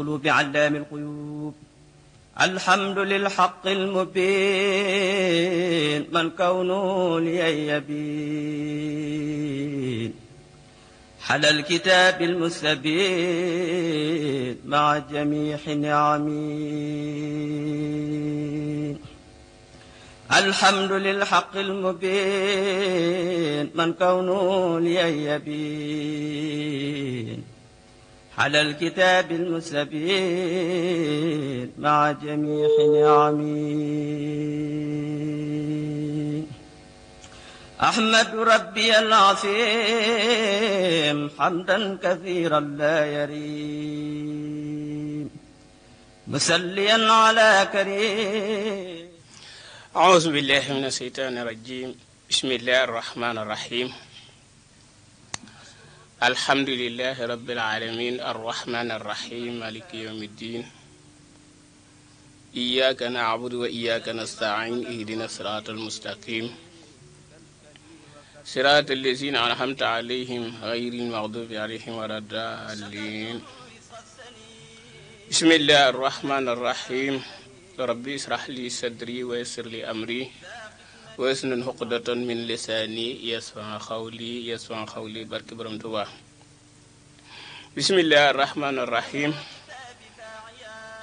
قلوب علام الغيوب الحمد للحق المبين من كونه لي يبين حل الكتاب المستبين مع جميع نعمين الحمد للحق المبين من كونه لي يبين على الكتاب المستبين مع جميع نعمي أحمد ربي العظيم حمدا كثيرا لا يريم مسليا على كريم أعوذ بالله من الشيطان الرجيم بسم الله الرحمن الرحيم الحمد لله رب العالمين الرحمن الرحيم مالك يوم الدين إياك نعبد وإياك نستعين اهدنا الصراط المستقيم صراط الذين أنعمت عليهم غير المغضوب عليهم ولا الضالين بسم الله الرحمن الرحيم ربي اشرح لي صدري ويسر لي أمري ويس نون من لساني يسوع خولي يسوع خولي بارك برم توبا بسم الله الرحمن الرحيم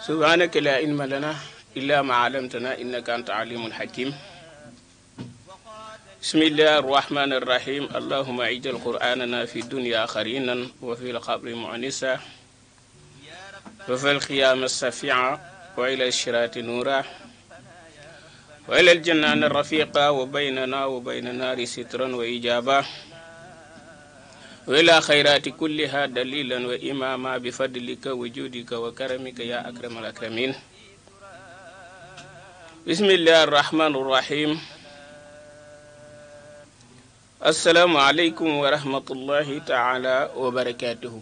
سبحانك لا علم لنا الا ما علمتنا انك انت عليم حكيم بسم الله الرحمن الرحيم اللهم اجعل قراننا في الدنيا خرينا وفي القبر معنسا وفي القيام الصفيعا وإلى الشرات نورا وإلى الجنان الرفيقة وبيننا وبين النار سترا وإجابة وإلى خيرات كلها دليلا وإماما بفضلك وجودك وكرمك يا أكرم الأكرمين بسم الله الرحمن الرحيم السلام عليكم ورحمة الله تعالى وبركاته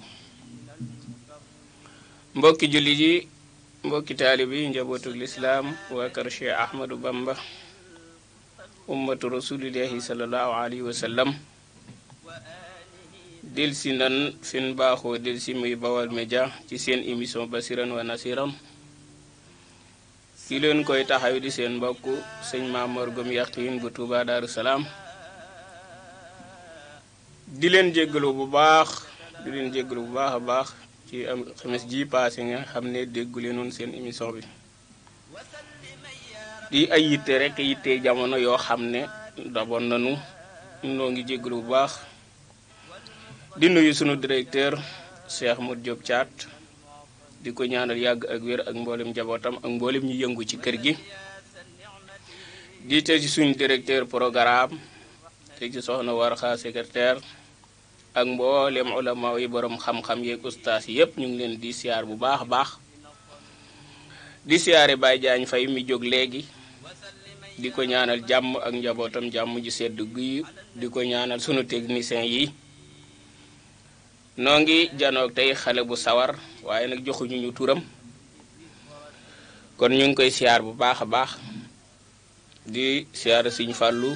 مبكي جليجي mbokki taalib yi njabootul islaam waa kër Cheikh Ahmadou Bamba ummatu rasulillahi salallahu alayhi wa sallam delsi nan fin baaxoo delsi muy Baol Média ci seen émission basiran wa nasiran ki leen koy taxaw di seen mbokk sëñ Mamor Gom Yaqiin bu Tuubaa Daaru Salaam di leen jéggalu bu baax di leen bu baax a baax ci am xames ji paase nga xam ne déggu leenoon seen émission bi di ay yitte rek yitte jamono yoo xam ne daboon nañu noo ngi jégalu bu baax di nuyu sunu directeur Cheikh Mod Diop Thiat di ko ñaanal yàgg ak wér ak mboolem njabootam ak mboolem ñu yëngu ci kër gi di teg suñ directeur programme teg ci soxna Warxa secrétaire ak mboolem ulama yi boroom xam-xam yeeg ustaas yépp ñu ngi leen di siyaar bu baax a baax di siyaare Baye Diagne fay mi jóg léegi di ko ñaanal jàmm ak njabootam jàmm ji sedd guy di ko ñaanal suñu technicien yi noo ngi janoog tey xale bu sawar waaye nag joxuñu ñu turam kon ñu ngi koy siyaar bu baax a baax di siyaar Sëñ Fàllu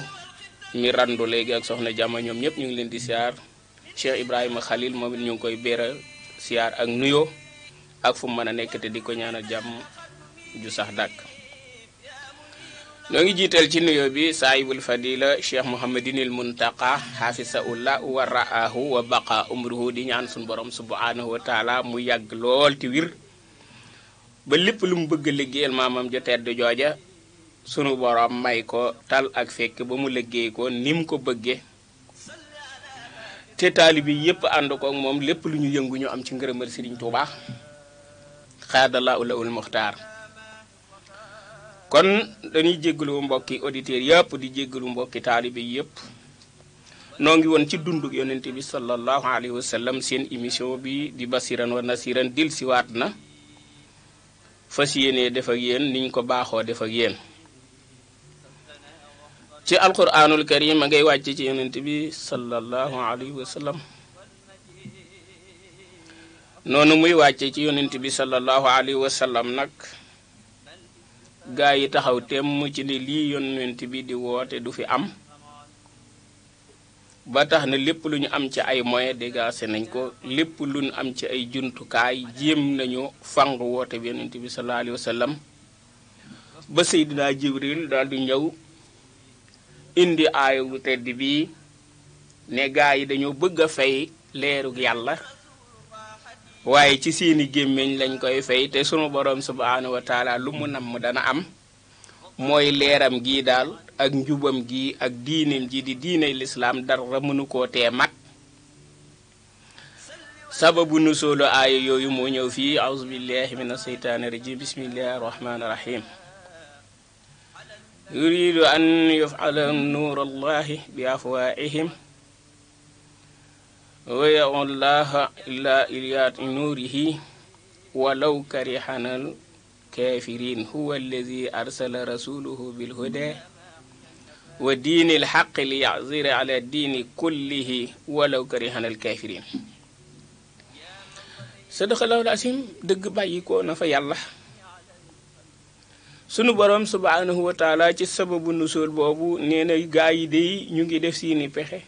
mi randu léegi ak soxna jàmm ñoom ñëpp ñu ngi leen di siyaar cheikh ibrahima khalil moom it ñu ngi koy béeral siyaar ak nuyo ak fu mën a nekk te di ñaanal jàmm ju sax dàkk noo ngi ci nuyo bi saayibul fadila cheikh mouhamadinil muntaqa Hafizahullah wa ra'ahu wa baqa umruhu di ñaan sun borom subhanahu wa taala mu yàgg lool ti wir ba lépp lu mu bëgg liggéeyal maamam ja tedd jooja sunu borom may ko tal ak fekk ba mu liggéey ko nim ko bëggee te taalibi yépp ànd ko ak moom lépp lu ñu yëngu ñu am ci ngërëmal Sëriñ Tuubaa xaadalaahu lahul muxtaar kon dañuy jéggalu mbokki auditeurs yëpp di jéggalu mbokki taalibi yëpp noo ngi woon ci dunduk yonente bi sallallahu alayhi wa seen émission bi di basiran wa nasiran dil siwaat na fas yéenee def ak yéen niñ ko baaxoo def ak yéen ci alquranul karim a ngay wàcc ci yonent bi salallahu alayhi wa sallam noonu muy wàcce ci yonent bi salallahu alayhi wa sallam nag gaa yi taxaw temm ci ne lii yonent bi di woote du fi am ba tax na lépp lu ñu am ci ay moyen dégaasé nañ ko lépp lu ñu am ci ay juntukaay jéem nañu fang woote bi yonent bi salallahu alayhi wa sallam ba sayidina jibril daal di ñëw indi aaya tedd bii ne gaa yi dañoo bëgg a fay leerug yàlla waaye ci seeni gémmiñ lañ koy fay te sunu boroom subhaanahu wa taala lu mu dana am mooy leeram gi daal ak njubam gi ak diineem ji di diiney lislaam dara mënu koo te mag sababu nu soolu aaya yooyu moo ñëw fii auzu billahi min asheytaani rajim يريد أن يفعل نور الله بأفواههم ويدعو الله إلى إليات نوره ولو كرهنا الكافرين هو الذي أرسل رسوله بالهدى ودين الحق ليعذر على الدين كله ولو كرهنا الكافرين صدق الله العظيم دق بايكو نفا يالله sunu borom subhaanahu wa taala ci sababu nusul boobu nee na gaa yi de ñu ngi def seeni pexe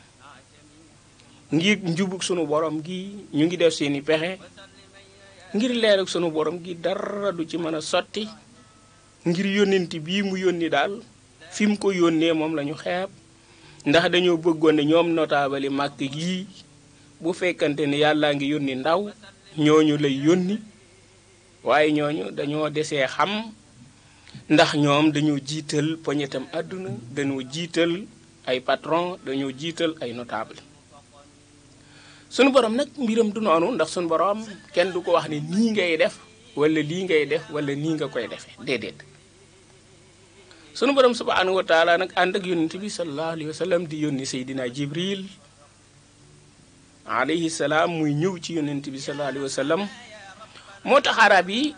ngir njubug sunu boroom gi ñu ngi def seeni pexe ngir leerak sunu borom gi dara du ci mën a sotti ngir yónnent bii mu yónni daal fim ko yónnee moom la ñu xeeb ndax dañoo bëggoon ne ñoom notaabali màkk gi bu fekkante ne yàllaa ngi yónni ndaw ñooñu lay yónni waaye ñooñu dañoo desee xam ndax ñoom dañoo jiital poñetam àdduna dañoo jiital ay patron dañoo jiital ay notable sunu borom nag mbiram du noonu ndax sunu borom kenn du ko wax ni nii ngay def wala lii ngay def wala nii nga koy defee déedéet sunu borom subhanahu wa taala nag ànd ak yónnent bi sallallahu alayhi wa sallam di yónni Seydina Jibril alayhi salaam muy ñëw ci yónnent bi sallallahu alayhi wa moo tax yi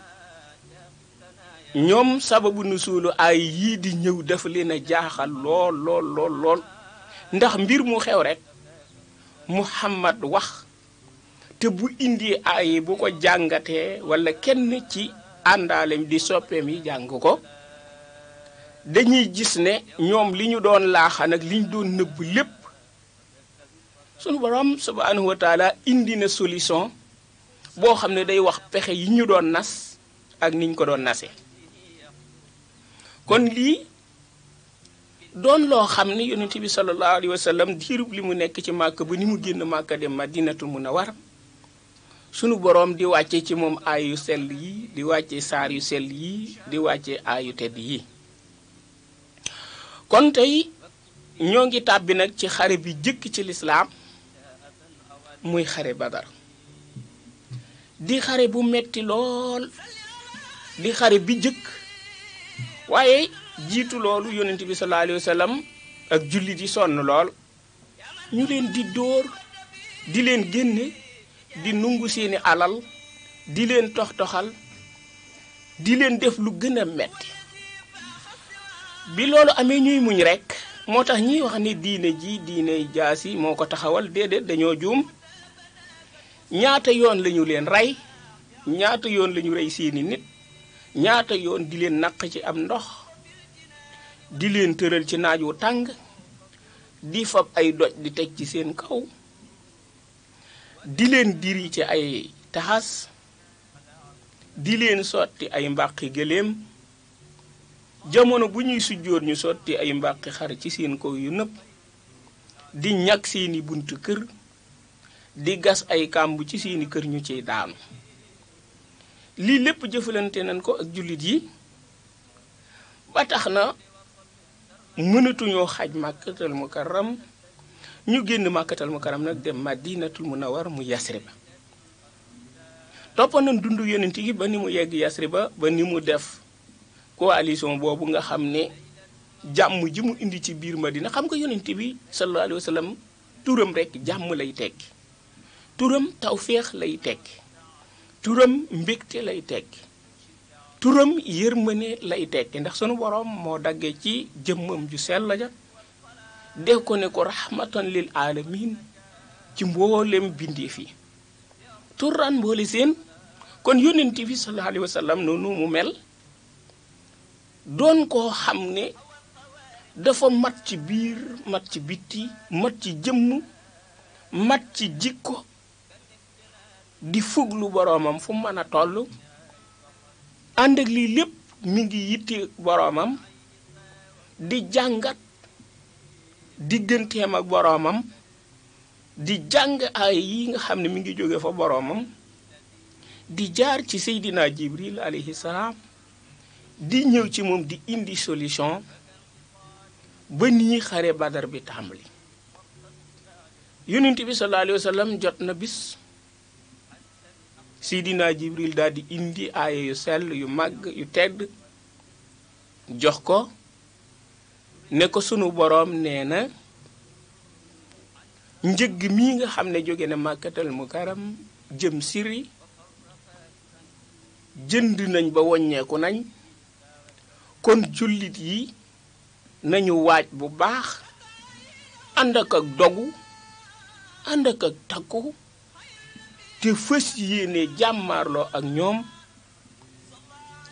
ñoom sababu nu nusuulu ay yii di ñëw dafa leen a jaaxal lool lool lool ndax mbir mu xew rek Muhammad wax te bu indi ay bu ko jàngatee walla kenn ci àndaalem di soppeem yi jàng ko dañuy gis ne ñoom li ñu doon laaxan nag li ñu doon nëbb lépp sunu borom subhanahu wa indi na solution boo xam ne day wax pexe yi ñu doon nas ak ni ñu ko doon nasee kon lii doon loo xam ne yonent bi sallallahu alayhi wa diirub li mu nekk ci màkk ba ni mu génn màkk dem madinatul war sunu boroom di wàcce ci moom aayu sell yi di wàcce saar yu sell yi di wàcce aayu tedd yi kon tey ñoo ngi tàbbi nag ci xare bi jëkk ci lislaam muy xare badar di xare bu metti lool di xare bi jëkk waaye jiitu loolu yonent bi sallallahu alayhi wa sallam ak jullit yi sonn lool ñu leen di dóor di leen génne di nungu seeni alal di leen tox-toxal di leen def lu gën a metti bi loolu amee ñuy muñ rekk moo tax ñiy wax ni diine ji diine jaasi moo ko taxawal déedéet dañoo juum ñaata yoon lañu leen rey ñaata yoon lañu rey seeni nit ñaata yoon di leen naq ci am ndox di leen tëral ci naaj wu tàng di fab ay doj di teg ci seen kaw di leen diri ci ay taxas di leen sotti ay mbàqi gëléem jamono bu ñuy sujjóot ñu sotti ay mbàqi xar ci seen kaw yu nëpp di ñag seeni buntu kër di gas ay kàmb ci seeni kër ñu ci daanu lii lépp jëfalante nañ ko ak jullit yi ba tax na mënatuñoo xaj màkkatal mukarram ñu génn màkkatal mukarram nag dem madinatul munawar mu yasrib toppoon nañ dund yonent yi ba ni mu yegg yasriba ba ni mu def coalition boobu nga xam ne jàmm ji mu indi ci biir madina xam ko yonent bi sallallahu alayhi wa sallam turam rek jàmm lay tekki turam tawféex lay tekki turam mbégte lay tekki turam yërmane lay tekki ndax sunu boroom moo daggee ci jëmmam ju sell ja def ko ne ko rahmatan lil alamin ci mboolem bindeef yi turan mboole seen kon yónnent bi sallallahu alayhi wa noonu mu mel doon koo xam ne dafa mat ci biir mat ci bitti mat ci jëmm mat ci jikko di fuglu boroomam fu mën a toll ànd ak lii lépp mu ngi yitti boroomam di jàngat digganteem ak boroomam di jàng ay yi nga xam ne mi ngi jóge fa boroomam di jaar ci seydinaa Jibril alayhi di ñëw ci moom di indi solution ba nii xare badar bi tàmbali yonent bi sallallahu alayhi wa jot na bis Seydina Jibril daal di indi aaya yu sell yu màgg yu tedd jox ko ne ko sunu borom nee na njëgg mii nga xam ne jóge na màkkatal mukaram jëm siri jënd nañ ba woññeeku nañ kon jullit yi nañu waaj bu baax ànd ak ak dogu ànd ak takku te fës yéene jàmmaarloo ak ñoom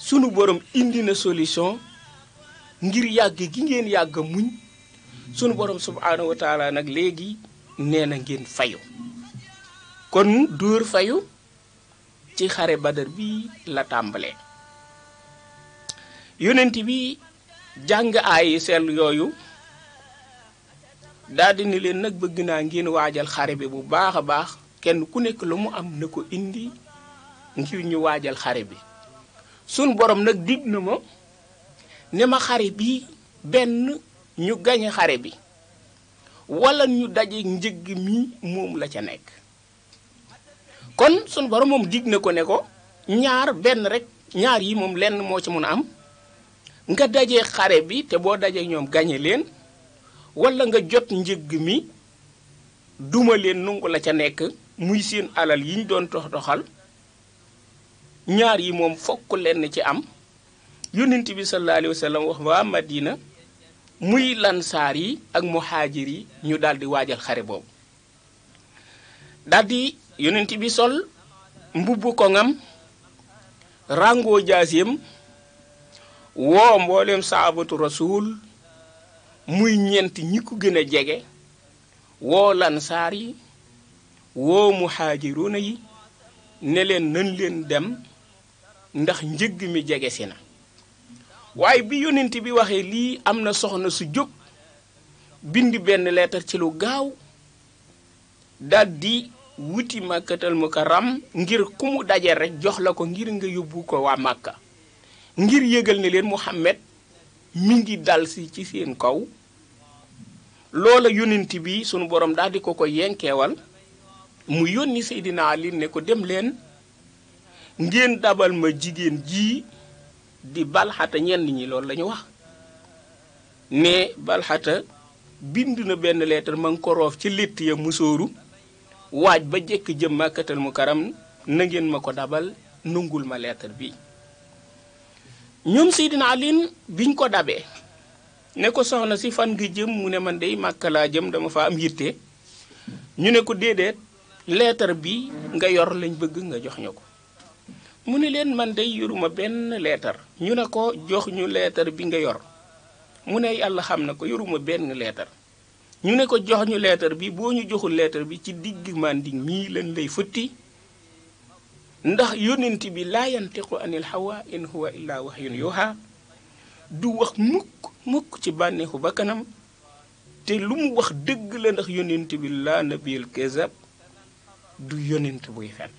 sunu boroom indi na solution ngir yàgg gi ngeen yàgg muñ sunu borom subhaanahu wa taala nag léegi nee na ngeen fayu kon dóor fayu ci xare badar bi la tàmbalee yonent bi jàng aay sell yooyu daldi ni leen nag bëgg naa ngeen waajal xare bi bu baax a baax kenn ku nekk lu mu am na ko indi ngir ñu waajal xare bi suñ borom nag dig na ma ne ma xare bi benn ñu gañe xare bi wala ñu daje njëg mi moom la ca nekk kon suñ borom moom digg na ko ne ko ñaar benn rek ñaar yi moom lenn moo ci mun a am nga daje xare bi te boo dajee ñoom gañe leen wala nga jot njëgg mi duma leen nungu la ca nekk muy seen alal yi ñu doon dox doxal ñaar yi moom fokk lenn ci am yónnent bi sallallahu alayhi wa sallam wax waa Madina muy lansaar yi ak muhaajir yi ñu daldi waajal xare boobu daldi yónnent bi sol mbubb koŋam ràngoo jaaseem woo mboolem saabatu rasuul muy ñent ñi ko gën jege woo lansaar yi woo muhaajiruuna yi ne leen nan leen dem ndax njëgg mi jege si na waaye bi yonent bi waxee lii am na soxna su jóg bind benn leetar ci lu gaaw daldi wuti màkkatal mukarram ngir ku mu daje rek jox la ko ngir nga yóbbu ko waa màkka ngir yëgal ne leen Muhammad mi ngi dal ci seen kaw loola yonent bi sunu boroom daldi ko ko yenkeewal mu yónni Seydina Ali ne ko dem leen ngeen dabal ma jigéen ji di balxata ñenn ñi lool la wax ne balxata bind na benn leetar ma ngi ko roof ci létt ya musóoru waaj ba jekk jëm màkkatal mu karam na ngeen ma ko dabal nungul ma leetar bi ñoom Seydina Ali biñ ko dabee ne ko soxna si fan gi jëm mu ne man dey màkka laa jëm dama fa am yitte ñu ne ko déedéet leetar bi nga yor lañ bëgg nga jox ñu ko mu ni leen man day yoruma benn leetar ñu ne ko jox ñu leetar bi nga yor mu ne yàlla xam na ko yoruma benn leetar ñu ne ko jox ñu leetar bi boo ñu joxul leetar bi ci digg màndiŋ mii lañ lay futti ndax yonent bi laa yantiqu anil hawa in huwa illa wahyun yuha du wax mukk mukk ci bànneexu ba kanam te lu mu wax dëgg la ndax yonent bi laa nabiyul kazab du yonent buy fen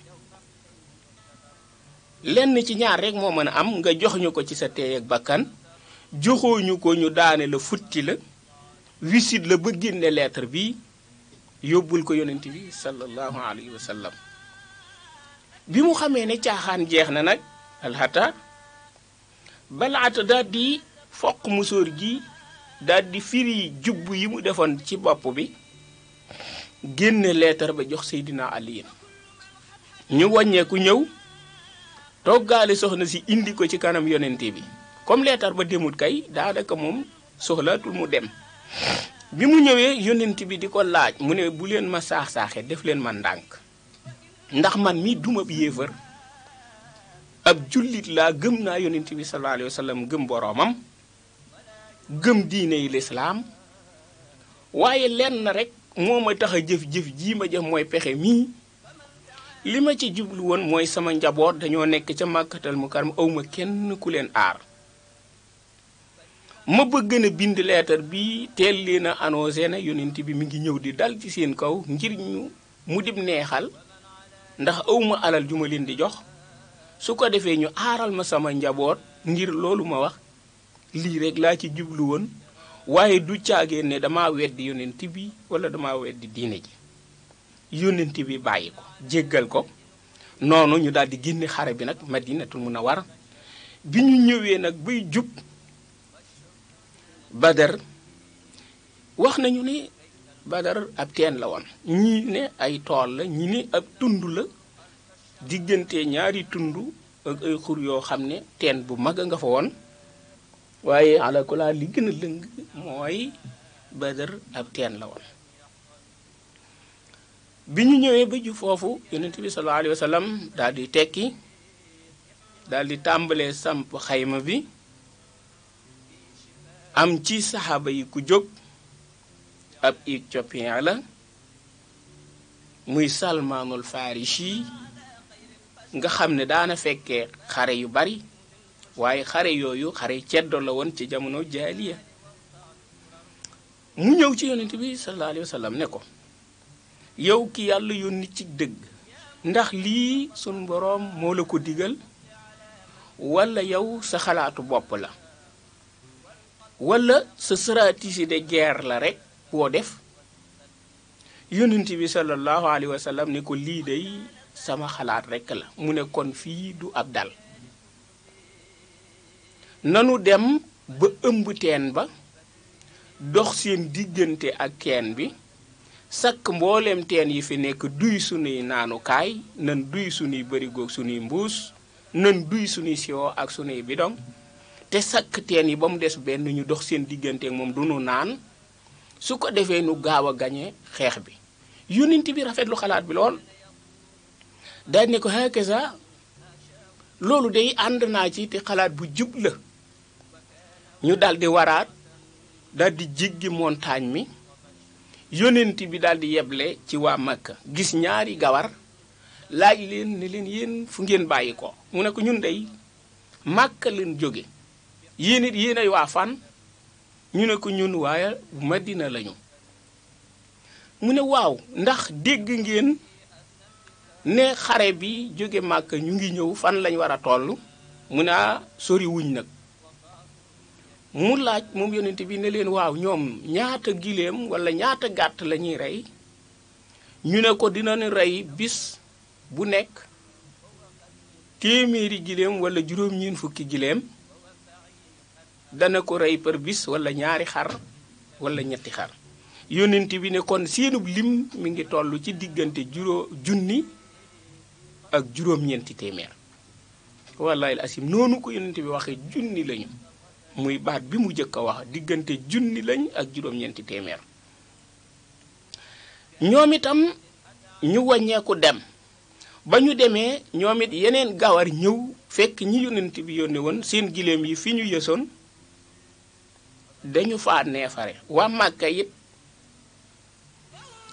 lenn ci ñaar rek moo mën a am nga jox ñu ko ci sa teey ak bakkan joxoñu ko ñu daane la futti la wisit la ba génne lettre bi yóbbul ko yonent bi sallallahu alayhi wa bi mu xamee ni caaxaan jeex na nag alxata balaata daal di foq musóor gi daldi di firi jubb yi mu defoon ci bopp bi génne leetar ba jox Seydina Aliyin ñu wàññeeku ñëw toggaale soxna si indi ko ci kanam yonente bi comme leetar ba demut kay daanaka moom soxlaatul mu dem bi mu ñëwee yonent bi di ko laaj mu ne bu leen ma saax-saaxe def leen ma ndànk ndax man mi duma bi yéefar ab jullit laa gëm naa yonent bi sallallahu alayhi wa gëm boroomam gëm diine yi lislaam waaye lenn rek moo ma tax a jëf-jëf jii ma jëf mooy pexe mii li ma ci jublu woon mooy sama njaboot dañoo nekk ca màkkatal mu karama awma kenn ku leen aar ma bëgg na bind leetar bi teel leen a annoncé na yonent bi mi ngi ñëw di dal ci seen kaw ngir ñu mu dib neexal ndax awma alal ju ma leen di jox su ko defee ñu aaral ma sama njaboot ngir loolu ma wax lii rekk laa ci jublu woon waaye du caagee ne dama weddi yonent bi wala dama weddi diine ji yonent bi bàyyi ko jéggal ko noonu ñu daal di génne xare bi nag madinatul munawwar bi ñu ñëwee nag bay jub badar wax nañu ni badar ab teen la woon ñii ne ay tool la ñi ne ab tund la diggante ñaari tund ak ay xur yoo xam ne teen bu mag a nga fa woon waaye alakula li gën a lëng mooy badar ab teen la woon bi ñu ñëwee ba foofu yonent bi sallallahu alayhi wa tekki daldi di tàmbalee samp xayma bi am ci saxaaba yi ku jóg ab éthiopien la muy salmaanul farisi nga xam ne daana fekkee xare yu bari waaye xare yooyu xare ceddo la woon ci jamono jaahiliya mu ñëw ci yonent bi sallallahu alayhi wa ne ko yow ki yàlla yónni ci dëgg ndax lii sunu boroom moo la ko digal walla yow sa xalaatu bopp la walla sa sëraatisi de guerre la rekk boo def yonent bi sallallahu alayhi wa sallam ne ko lii day sama xalaat rekk la mu ne kon fii du ab dal nanu dem ba ëmb teen ba dox seen diggante ak teen bi sakk mboolem teen yi fi nekk duy sunuy naanukaay nan duy sunuy bërigoog sunuy mbuus nan duy sunuy siwo ak sunuy bidong te sakk teen yi ba mu des benn ñu dox seen diggante moom du nu naan su ko defee nu gaaw a gañe xeex bi yonent bi rafet lu xalaat bi lool daal ne ko hakaza loolu day ànd naa ci te xalaat bu jub la ñu daldi waraat daldi jiggi montagne mi yonent bi daldi yeble ci waa Makka gis ñaari gawar laaj leen ne leen yéen fu ngeen bàyyi ko mu ne ko ñun dey Makka leen jóge yéen it yéen ay waa fan ñu ne ko ñun waaye Madina lañu mu ne waaw ndax dégg ngeen ne xare bi jóge Makka ñu ngi ñëw fan lañ war a toll mu ne ah, sori wuñ nag mu laaj moom yonent bi ne leen waaw ñoom ñaata giléem wala ñaata gàtt la ñuy rey ñu ne ko dinañu rey bis bu nekk téeméeri giléem wala juróom-ñeent fukki giléem dana ko rey par bis wala ñaari xar wala ñetti xar yonent bi ne kon seenub lim mi ngi toll ci diggante juróo junni ak juróom-ñeenti téeméer wallaay asim noonu ko yonent bi waxee junni lañu muy baat bi mu jëkk a wax diggante junni lañ ak juróom-ñeenti téeméer ñoom itam ñu wàññeeku dem ba ñu demee ñoom it yeneen gawar ñëw fekk ñi yónnent bi yónne woon seen giléem yi fi ñu yësoon dañu faa neefare waa Màkka it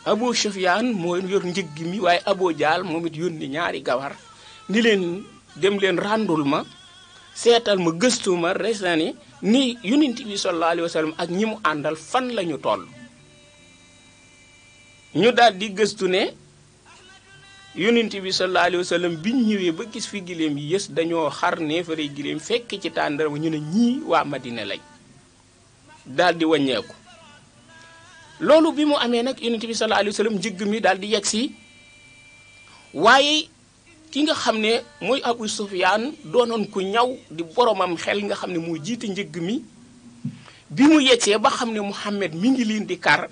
Abu Sufyaan moo yor njëg gi mi waaye aboo Jaal moom it yónni ñaari gawar ni leen dem leen ràndul ma seetal ma gëstu ma resani ni yonent bi sallallahu alayhi wa ak ñi mu àndal fan lañu ñu toll ñu daldi gëstu ne yonent bi sallallahu alayhi wa bi biñ ñëwee ba gis fi giléem yi yës dañoo xar neefare giléem fekk ci tàndara ñu ne ñii waa Madina lañ daal di wàññeeku loolu bi mu amee nag yonent bi sallallahu alayhi wa sallam njëgg mi daal di yegg si waaye ki nga xam ne muy Abu Sufyaan doonoon ku ñaw di boromam xel nga xam ne moo jiite njëgg mi bi mu yeccee ba xam ne Muhammad mi ngi leen di kar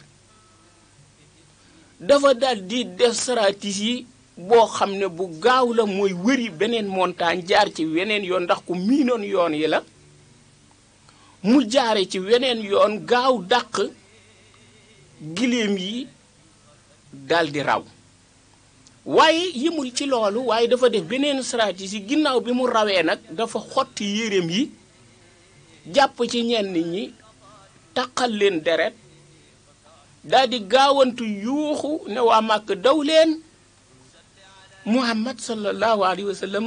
dafa daal di def yi boo xam ne bu gaaw la mooy wëri beneen montagne jaar ci weneen yoon ndax ku miinoon yoon yi la mu jaare ci weneen yoon gaaw dàq giléem yi daldi raw waaye yimul ci loolu waaye dafa def beneen yi ci ginnaaw bi mu rawee nag dafa xotti yéreem yi jàpp ci ñenn ñi taqal leen deret daldi gaawantu yuuxu ne waa màkk daw leen muhammad sallallahu alayhi wa sallam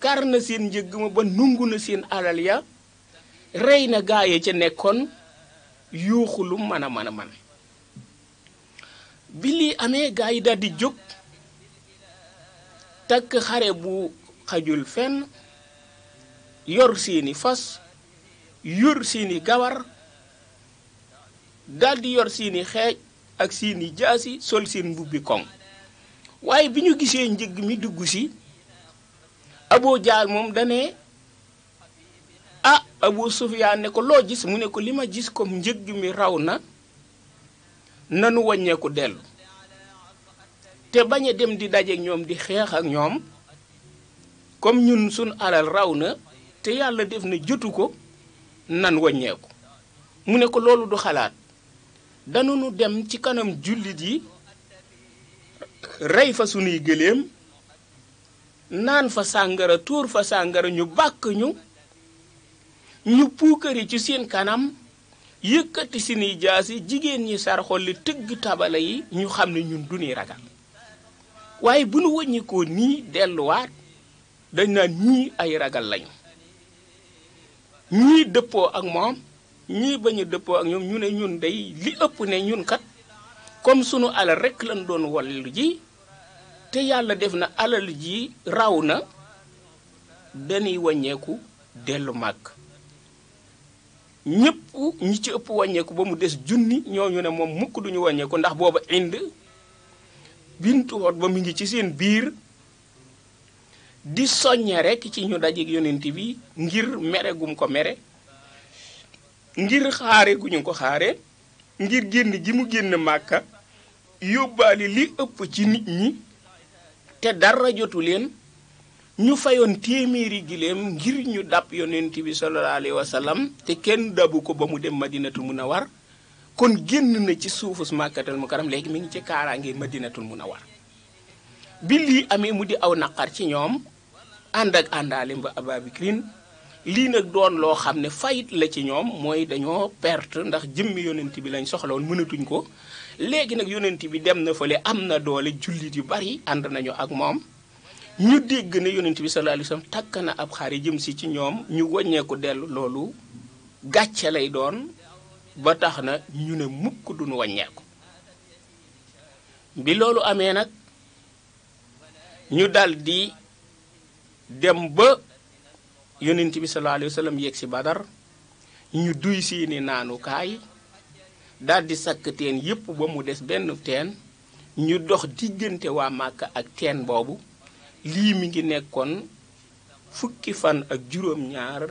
kar na seen njëgg ma ba nungu na seen alal ya rey na gaay ya ca nekkoon yuuxu lu mën a mën a mën bi lii amee gaa yi daal jóg takk xare bu xajul fenn yor seeni fas yor seeni gawar daldi yor seeni xeej ak seeni jaasi sol seen mbubbi koŋ waaye bi ñu gisee njëg mi dugg si Abu Jahl moom dane ah Abu Sufyaan ne ko loo gis mu ne ko li ma gis comme njëg mi raw na nanu wàññeeku dellu te bañ a dem di dajeek ñoom di xeex ak ñoom comme ñun suñ alal raw na te yàlla def na jotu ko nan waññeeku mu ne ko loolu du xalaat danu nu dem ci kanam jullit yi rey fa sunuy gëléem naan fa sàngara tuur fa sàngara ñu bàkk ñu ñu puukari ci seen kanam yëkkati sini jaas yi jigéen ñi sarxol li tëgg tabala yi ñu xam ne ñun du ñuy ragal waaye bu nu wëññikoo nii delluwaat dañ naan ñii ay ragal lañu ñii dëppoo ak moom ñii bañ dëppoo ak ñoom ñu ne ñun day li ëpp ne ñunkat kat comme sunu alal rekk lañ doon wallu ji te yàlla def na alal ji raw na dañuy wàññeeku dellu màgg ñépp ñi ci ëpp wàññeeku ba mu des junni ñooñu ne moom mukk duñu wàññeeku ndax booba ind bintu ba mu ngi ci seen biir di soññe rekk ci ñu dajeek yonent bi ngir mere gum ko mere ngir xaare gu ñu ko xaare ngir génn gi mu génn màkka yóbbaale li ëpp ci nit ñi te dara jotu leen ñu fayoon téeméeri giléem ngir ñu dab yonent bi sallallahu alayhi wa sallam te kenn dabu ko ba mu dem madinatul war kon génn na ci suufus màkkatal mukaram léegi mi ngi ci kaaraa kaaraange madinatul munawar bi lii amee mu di aw naqar ci ñoom ànd ak àndaale mba ababikrin lii nag doon loo xam ne fayit la ci ñoom mooy dañoo perte ndax jëmmi yonent bi lañ soxla woon mënatuñ ko léegi nag yonent bi dem na fa fële am na doole jullit yu bari ànd nañu ak moom ñu dégg ne yonent bi sallallahu alayhi takk na ab xare jëm si ci ñoom ñu waññeeku dellu loolu gàcce lay doon ba tax na ñu ne mukk duñu wàññeeku bi loolu amee nag ñu daldi dem ba yonent bi sallallahu alayhi wasallam yegg si Badar ñu duy seeni naanukaay daldi sakk teen yépp ba mu des benn teen ñu dox diggante waa Màkka ak teen boobu lii mi ngi nekkoon fukki fan ak juróom-ñaar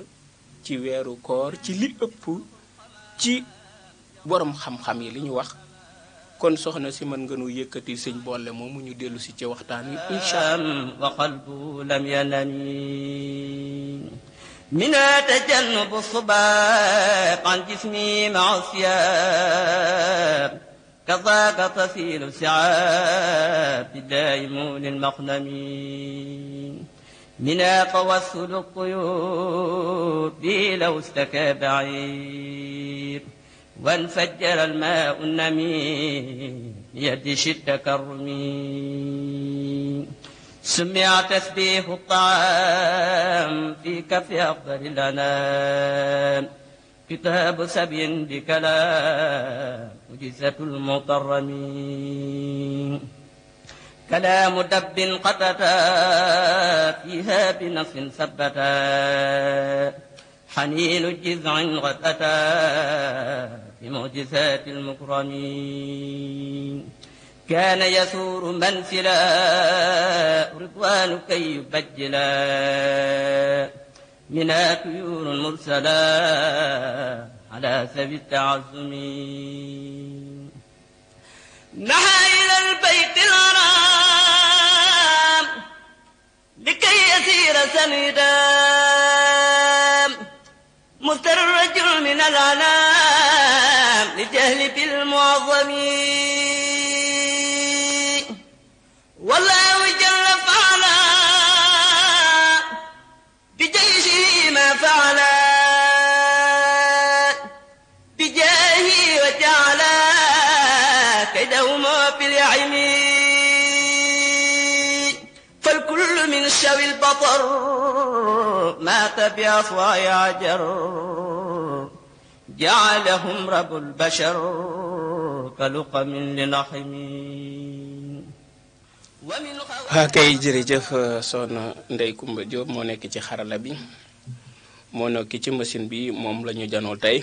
ci weeru koor ci li ëpp ci boroom xam-xam yi li ñu wax kon soxna si mën nga nu yëkkati sëñ boole moomu ñu dellusi si ci waxtaan wi incha wa qalbu lam yanami من تجنب الصباح عن جسمي مع الصيام كضاق طفيل سعاب دائمون المخنمين من توسل الطيور بي لو استكى بعير وانفجر الماء النميم يد شد كرمين سمع تسبيح الطعام في كف أفضل الأنام كتاب سبي بكلام مجزة المطرمين كلام دب قتتا فيها بنص ثبتا حنين جذع غتتا بمعجزات المكرمين كان يسور منسلا رضوان كي يبجلا من الطيور المرسلة على سبيل التعزم نهى إلى البيت الحرام لكي يسير سندا مستر الرجل من العنام لجهل بالمعظمين وتعالى بجاهي وتعالى كيدهما في فالكل من شوي البطر مات بأصواي عجر جعلهم رب البشر كلقم لنحمين waa kay jërëjëf soxna Ndeye Coumba Diop moo nekk ci moo nekk ci machine bi moom lañu ñu janoo tey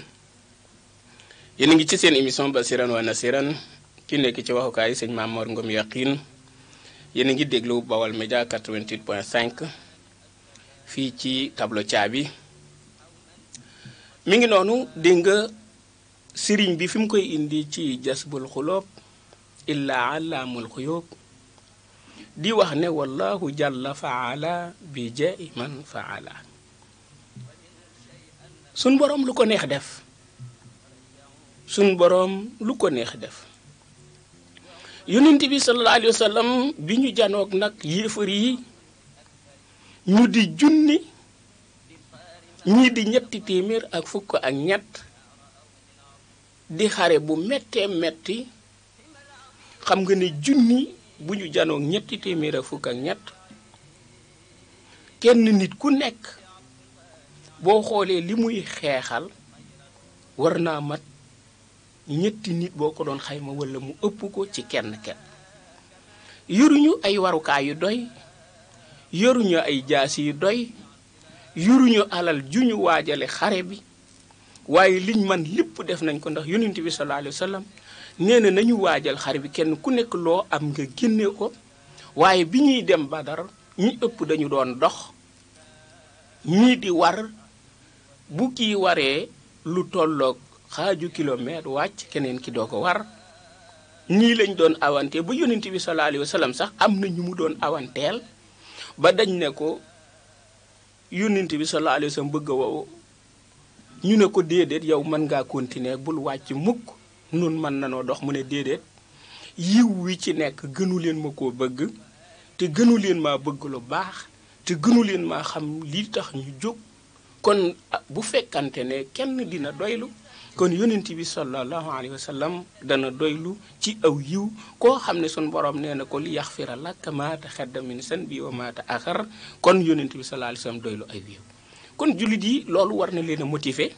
yéen a ngi ci seen émission Basiran wa Nasiran ki nekk ci waxukaay sëñ Mame Mor Ngom Yakhine yéen a ngi déglu Bawal Média 88 point fii ci tableau Thia bi mi ngi noonu dégg nga sëriñ bi fi mu koy indi ci jasbul xuloob illaa allaamul xuyoob di wax ne wallahu jàlla faala bi jai man faala suñ borom lu ko neex def suñ borom lu ko neex def yonent bi sallallahu alayhi bi ñu janook nag yéefar yi ñu di junni ñii di ñetti téeméer ak fukk ak ñett di xare bu mettee metti xam nga ne junni bu ñu janook ñetti téeméer ak fukk ak ñett kenn nit ku nekk boo xoolee li muy xeexal war naa mat ñetti nit boo ko doon xayma walla mu ëpp ko ci kenn kenn yoruñu ay warukaay yu doy yoruñu ay jaasi yu doy yoruñu alal ju ñu waajale xare bi waaye liñ man lépp def nañ ko ndax yonent bi sallallahu alayhi wa sallam nee na nañu waajal xare bi kenn ku nekk loo am nga génne ko waaye bi ñuy dem Badar ñu ëpp dañu doon dox ñii di war bu kii waree lu tolloog xaaju kilomètre wàcc keneen ki doo ko war nii lañ doon awante ba yonent bi sallallahu alayhi wa sax am na ñu mu doon awanteel ba dañ ne ko yonent bi sallallahu alayhi wa bëgg a wow ñu ne ko déedéet yow mën ngaa continuer bul wàcc mukk nun mën nanoo dox mu ne déedéet yiw wi ci nekk gënu leen ma ko bëgg te gënu leen maa bëgg lu baax te gënu leen maa xam li tax ñu jóg kon bu fekkante ne kenn dina doylu kon yonent bi sallallahu Alaihi Wasallam dana doylu ci aw yiw ko xamne sun borom neena na ko li yakhfira lak ma khadam min san bi wa ma ta akhar kon yonent bi sallallahu Alaihi Wasallam doylu ay yiw kon julit yi lolou war na leena motiver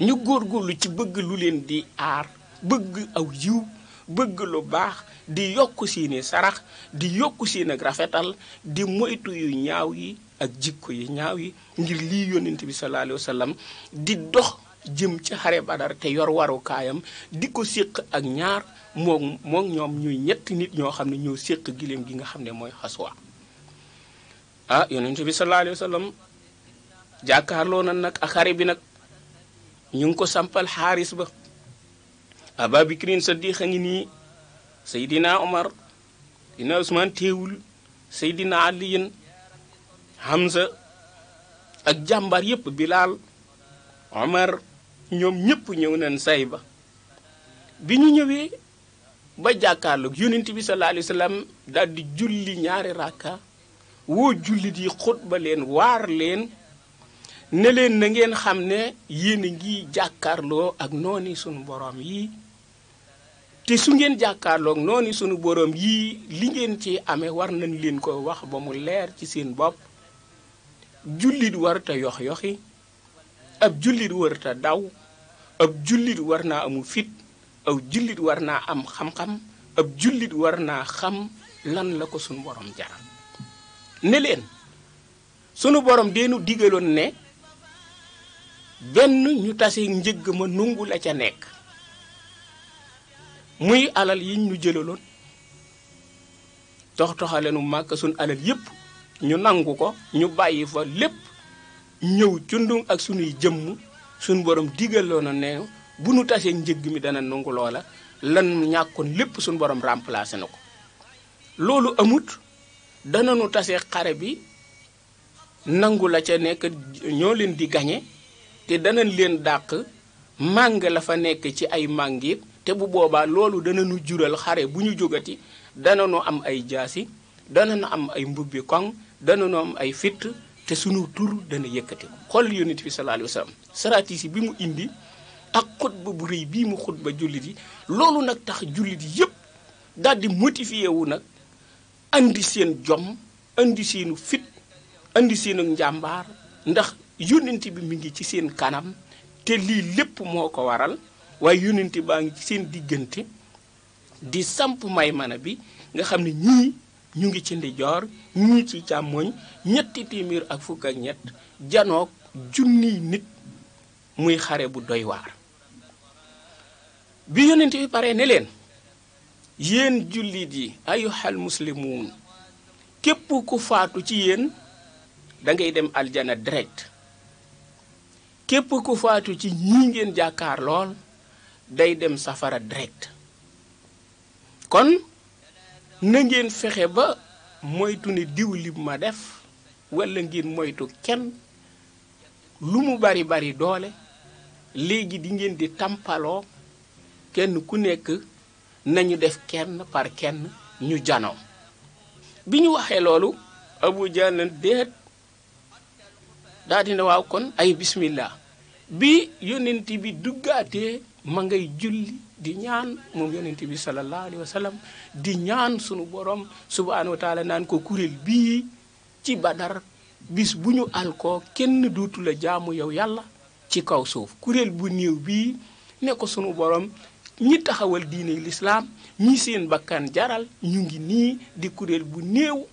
ñu góorgóorlu ci bëgg lu leen di aar bëgg aw yiw bëgg lu baax di yokku seeni sarax di yokku seen rafetal di moytu yu ñaaw yi ak jikko yi ñaaw yi ngir lii yonent bi sallallahu alayhi wasallam di dox jëm ci xare badar te yor waru kaayam di ko séq ak ñaar moom moom ñoom ñuy ñett nit ñoo xam ne ñoo séq gi nga xam ne mooy ah yonent bi sallallahu alayhi wasallam jàkkaarloo na nag xare bi nag ñu ngi ko sampal xaaris ba ababikrin sadiq ngi nii sayidina omar dina usman teewul sayidina aliyin Hamza ak jàmbar yépp Bilaal Omar ñoom ñépp ñëw nañ Sayba bi ñu ñëwee ba jàkkaarloog yonent bi sallallahu alayhi wa sallam julli ñaari rakka woo jullit yi ba leen waar leen ne leen na ngeen xam ne yéen ngi jàkkaarloo ak nooni sunu boroom yi te su ngeen jàkkaarloog nooni sunu boroom yi li ngeen ci amee war nañ leen ko wax ba mu leer ci seen bopp jullit warta yox yoxi ab jullit warta daw ab jullit warna amu fit aw jullit warna am xam xam ab jullit warna xam lan la ko sun borom jaral ne len sunu borom denu digelon ne ben ñu tassé njëgg ma nungu la ca nek muy alal yi ñu jëlalon tox toxalenu mak sun alal yépp ñu nangu ko ñu bàyyi fa lépp ñëw cundung ak sunuy jëmm sunu borom digaloo na ne bu nu tasee njëgg mi dana nangu loola lan ñàkkoon lépp sunu borom remplacé na ko loolu amut dana nu tasee xare bi nangu la ca nekk ñoo leen di gañe te danañ leen dàq màng la fa nekk ci ay màngit te bu boobaa loolu dana nu jural xare bu ñu jógati dana nu am ay jaasi dana nu am ay mbubbi koŋ dana noom ay fitt te sunu tur dana yëkkati ko xool yonent bi sallallahu alayhi bi mu indi ak xutba bu rëy bii mu ba jullit yi loolu nag tax jullit yi yëpp daal di wu nag andi seen jom indi seenu fit andi seenu njàmbaar ndax yonent bi mi ngi ci seen kanam te lii lépp moo ko waral waaye yonent baa ngi ci seen diggante di samp may mana bi nga xam ne ñii ñu ngi ci ndijoor ñu ngi ci càmmoñ ñetti téeméer ak fukk ak ñett janoog junniy nit muy xare bu doy bi yonent bi pare ne leen yéen jullit yi ayuhal muslimuun képp ku faatu ci yéen da ngay dem aljana direct képp ku faatu ci ñii ngeen jàkkaar lool day dem safara direct kon na ngeen fexe ba moytu ne diw li ma def walla ngir moytu kenn lu mu bari bari doole léegi dingeen di tàmpaloo kenn ku nekk nañu def kenn par kenn ñu janoo bi ñu waxee loolu Abu Jahl daldi déet waaw kon ay bismillah bi yonent bi duggaatee ma ngay julli di ñaan moom yonent bi sallallahu alayhi wa di ñaan sunu borom subhanahu wa naan ko kuréel bii ci badar bis bu ñu alkoo kenn duutu la jaamu yow yàlla ci kaw suuf kuréel bu néew bii ne ko sunu borom ñi taxawal diine lislaam ñi seen bakkan jaral ñu ngi nii di kuréel bu néew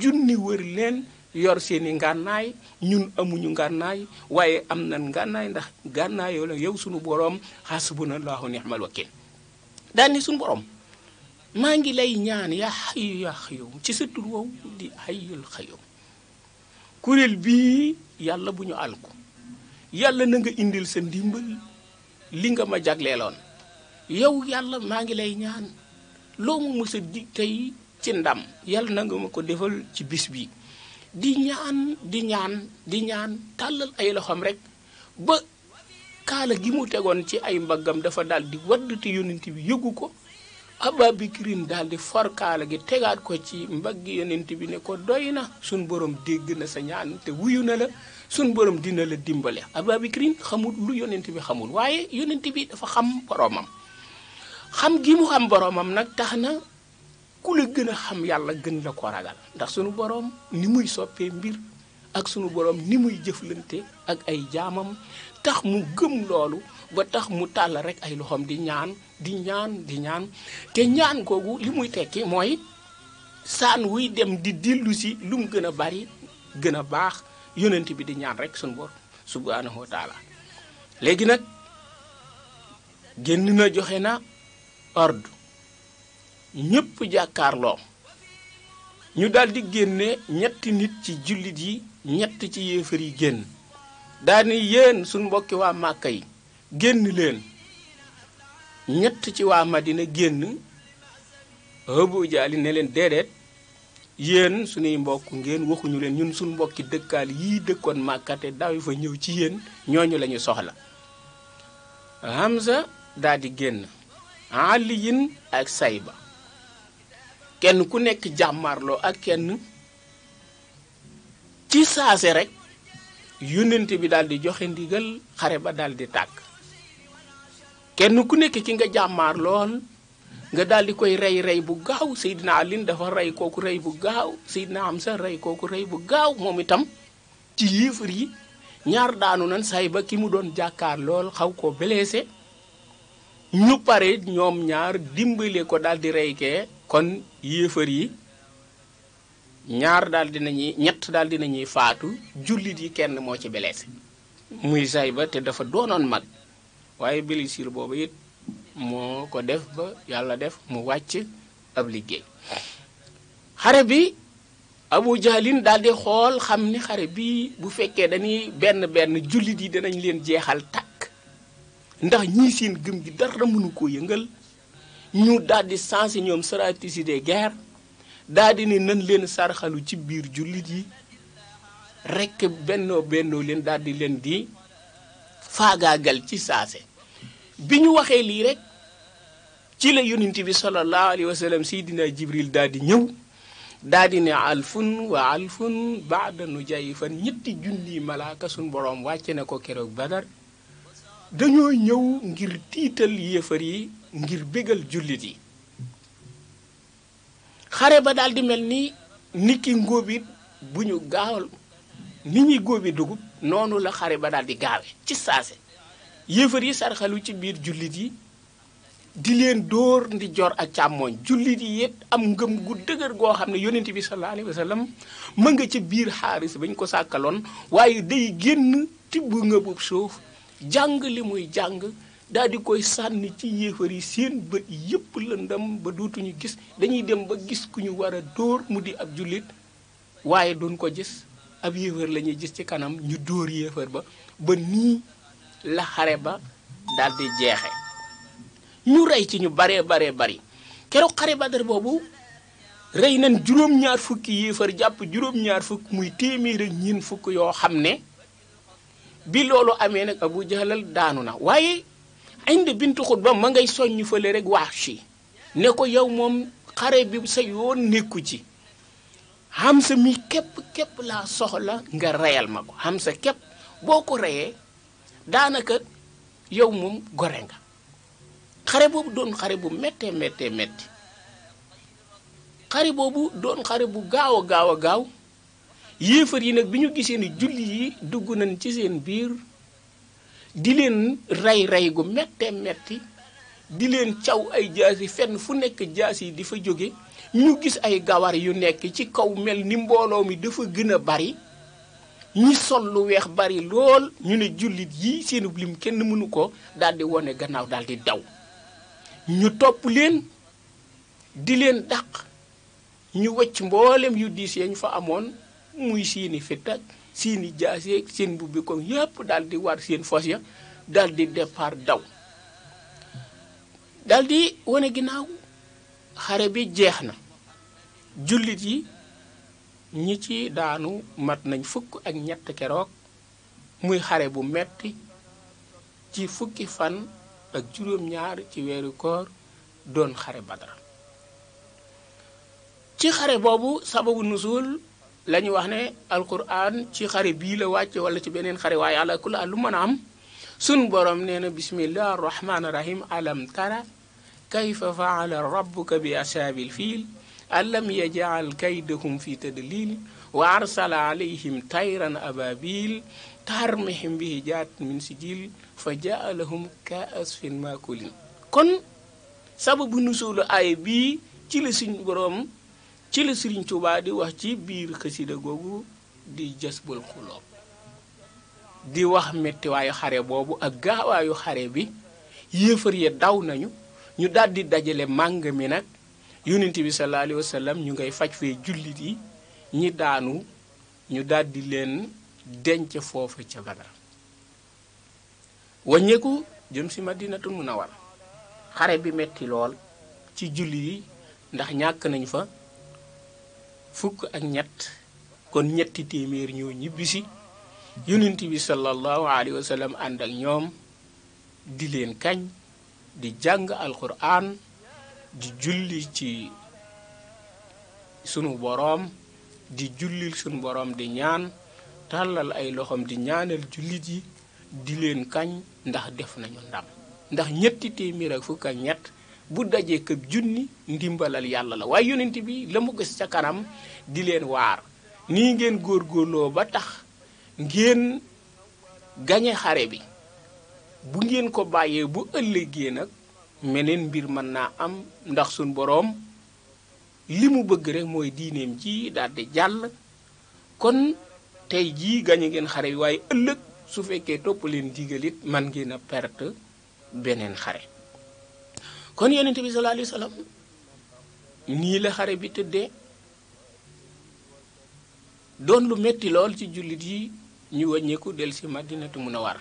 junni wër leen yor seeni ngànnaay ñun amuñu ngànnaay waaye am nan ngànnaay ndax ngànnaayoo la yow sunu borom xasbuna allahu ni'mal wakil daal ni sunu borom maa ngi lay ñaan ya xayu ya xayum ci sa tur wow di xayul xayum kuréel bii yàlla bu ñu alku yàlla na nga indil sa ndimbal li nga ma jagleeloon yow yàlla maa ngi lay ñaan loo mu mësa di tey ci ndam yàlla na nga ma defal ci bis bii di ñaan di ñaan di ñaan tàllal ay loxoom rek ba kaala gi mu tegoon ci ay mbaggam dafa dal di wadd te yonent bi yëgu ko Ababakirin daal di for kaala gi tegaat ko ci mbagg yonent bi ne ko doy na suñ borom dégg na sa ñaan te wuyu na la suñ borom dina la dimbale Ababakirin xamul lu yonent bi xamul waaye yonent bi dafa xam boromam xam gi mu xam boroomam nag tax na ku la gën a xam yàlla gën la ko ragal ndax sunu boroom ni muy soppee mbir ak sunu boroom ni muy jëflante ak ay jaamam tax mu gëm loolu ba tax mu tàll rek ay loxoom di ñaan di ñaan di ñaan te ñaan googu li muy tekki mooy saan wuy dem di dillu si lu mu gën a bari gën a baax yonent bi di ñaan rek sunu boroom subhaanahu wa léegi nag génn na joxe na ordre ñépp jàkkaarloo ñu daldi génne ñetti nit ci jullit yi ñett ci yéefar yi génn daani yéen suñ mbokki waa màkka yi génn leen ñett ci waa madina génn Abu ne leen déedéet yéen sunuy mbokk ngeen waxuñu leen ñun suñ mbokki dëkkaal yi dëkkoon màkka te daaw fa ñëw ci yéen ñooñu lañu soxla Hamza daldi génn Aliyin ak Sayba kenn ku nekk jàmmarloo ak kenn ci saase rekk yónnent bi daal di joxe ndigal xare ba daldi tàkk kenn ku nekk ki nga jàmmaar lool nga daldi koy rey rey bu gaaw Seydina Alin dafa rey kooku rey bu rey kooku rey bu gaaw moom itam ci yéefar yi ñaar daanu nan say ba ki mu doon jàkkaar lool xaw ko blessé ñu pare ñoom ñaar dimbale ko daldi di rey kee kon yéefar yi ñaar daal dinañuy ñett daal dinañuy faatu jullit yi kenn moo ci blessé muy say ba te dafa doonoon mag waaye blessure boobu it moo ko def ba yàlla def mu wàcc ab liggéey xare bi Abu Jahlin daal xool xam ni xare bi bu fekkee dañuy benn benn jullit yi danañ leen jeexal tàkk ndax ñii seen gëm gi dara mënu ko yëngal ñu daldi di sensé ñoom stratégie de guerre daal ni nan leen sarxalu ci biir jullit yi rekk bennoo bennoo leen daal di leen di faagaagal ci saase bi ñu waxee lii rek ci la yonent bi sallallahu alayhi wa sallam sidina jibril daal di ñëw daal di ne wa alfun baada nu ñetti junni malaaka suñ borom wàcce na ko keroog badar dañoo ñëw ngir tiital yéefar yi ngir bégal jullit yi xare ba daal mel ni niki ki ngóob bu ñu gaawal ni ñuy góobi dugub noonu la xare ba daal di gaawe ci saase yëfar yi sarxalu ci biir jullit yi di leen dóor ndi jor ak càmmooñ jullit yi yëpp am ngëm gu dëgër goo xam ne yonent bi sallallahu alayhi mën nga ci biir xaaris bañ ko sàkkaloon waaye day génn tibb ngëbub suuf jàng li muy jàng daldi koy sànni ci yéefar yi seen bët yépp lëndam ba dootuñu gis dañuy dem ba gis ku ñu war a dóor mu di ab jullit waaye doon ko gis ab yéefar lañuy ñuy gis ci kanam ñu dóor yéefar ba ba nii la xare ba daal jeexe ñu rey ci ñu baree baree bari keroog xare Badar boobu rey nañ juróom-ñaar fukki yéefar jàpp juróom-ñaar fukk muy téeméer ak ñeent fukk yoo xam ne bi loolu amee nag Abu Jahlal daanu na waaye inde bintu xutba ma ngay soññ fële rek waa si ne ko yow moom xare bi sa yoon nekku ci Hamza mi képp képp laa soxla nga reyal ma ko Hamza képp boo ko reyee daanaka yow moom gore nga xare boobu doon xare bu méttee méttee métti xare boobu doon xare bu gaaw a gaaw a gaaw yéefar yi nag bi ñu gisee ni julli yi dugg nañ ci seen biir di leen rey rey gu méttee metti di leen caw ay jaasi fenn fu nekk jaas yi di fa jóge ñu gis ay gawar yu nekk ci kaw mel ni mbooloo mi dafa gën a bari ñi sol lu weex bari lool ñu ne jullit yi seenub lim kenn mënu ko daldi wone gannaaw daldi daw ñu topp leen di leen dàq ñu wëcc mboolem yu diis ñu fa amoon muy seeni fit ak seen i jaas seen mbubbi ko yépp daldi di war seen fos ya daal di daw daldi di wane ginnaaw xare bi jeex na jullit yi ñi ci daanu mat nañ fukk ak ñett keroog muy xare bu metti ci fukki fan ak juróom-ñaar ci weeru koor doon xare badara ci xare boobu sababu nusul lañu wax ne alquran ci xare bii la wàcce wala ci beneen xare waaye ala kulli lu mën a am sun borom nee na bismillah arrahman rahim alam tara kayfa faala rabbuka bi ashaabil fiil alam yajal kaydahum fi tadlil wa arsala alayhim tayran ababil tarmihim bi bihijaat min sijil fa jaalahum ka asfin makulin kon sababu nusulu aaya bii ci la suñ borom ci la Sëriñ Tuubaa di wax ci biir xasida googu di jasbul xuloob di wax mettiwaayu xare boobu ak gaawaayu xare bi yéefar ya daw nañu ñu daldi dajale màng mi nag yonent bi sallallahu alayhi wa ñu ngay faj fee jullit yi ñi daanu ñu daldi leen denc foofu ca Badar waññeeku jëm si Madinatul Munawwara xare bi metti lool ci jullit yi ndax ñàkk nañu fa fukk ak ñett kon ñetti téeméer ñoo ñibbisi yonent bi sallallahu alayhi wa ànd ak ñoom di leen kañ di jàng alquran di julli ci sunu boroom di jullil sunu boroom di ñaan tàllal ay loxoom di ñaanal jullit yi di leen kañ ndax def nañu ndam ndax ñetti téeméer ak fukk ak ñett bu dajee këb junni ndimbalal yàlla la waaye yonent bi la mu gis ca kanam di leen waar nii ngeen góor góorloo ba tax ngeen gañe xare bi bu ngeen ko bàyyee bu ëllëgee nag meneen mbir mën naa am ndax suñ boroom li mu bëgg rek mooy diineem ji daldi jàll kon tey jii gañe ngeen xare bi waaye ëllëg su fekkee topp leen digalit man ngeen a perte beneen xare kon yonent bi sallallahu alayhi wa nii la xare bi tëddee doon lu metti lool ci jullit yi ñu wàññeeku del si madinatu munawwara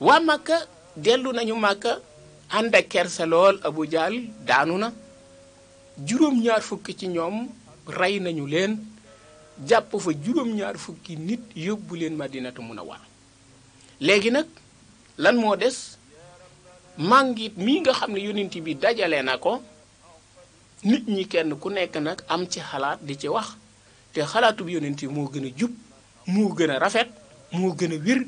waa màkka dellu nañu màkka ànd ak lool abu jaal daanu na juróom-ñaar fukki ci ñoom rey nañu leen jàpp fa juróom-ñaar fukki nit yóbbu leen madinatu munawwara léegi nag lan moo des màngit mii nga xam ne yonent bi dajale na ko nit ñi kenn ku nekk nag am ci xalaat di ci wax te xalaatu bi yonent bi moo gën a jub moo gën a rafet moo gën a wér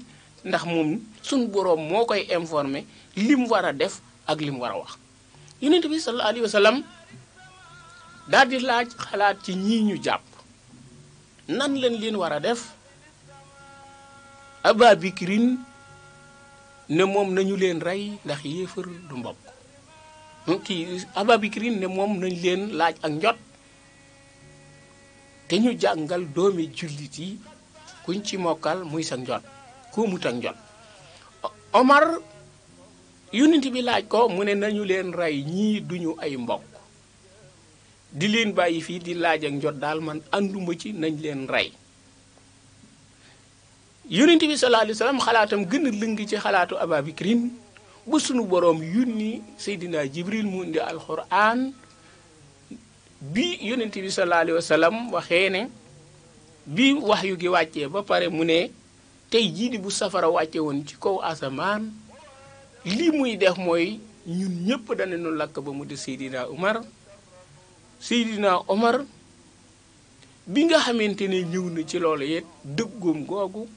ndax moom suñ boroom moo koy informé li mu war a def ak li mu war a wax yonent bi sallallahu alayhi wa sallam daal laaj xalaat ci ñii ñu jàpp nan leen leen war a def Abaa Bikrin ne moom nañu leen rey ndax yéefar du mbokk hmm, kii ababikrin ne moom nañ leen laaj ak njot te ñu jàngal doomi jullit yi kuñ ci mokkal muy sa njot koomut ak njot omar yonent bi laaj ko mu ne nañu leen rey ñii duñu ay mbokk di leen bàyyi fii di laaj ak njot daal man ànduma ci nañ leen rey yonent bi sallallahu xalaatam gën a lëng ci xalaatu ababikrin ba sunu boroom yónni Seydina Jibril mu indi alxuraan bi yonent bi sallallahu alayhi waxee ne bi wax yu gi wàccee ba pare mu ne tey jii di bu safara wàcce woon ci kaw asamaan lii muy def mooy ñun ñëpp danañu lakk ba mu des Seydina Omar Seydina Omar bi nga xamante ne ñëw na ci lool yet dëggoom googu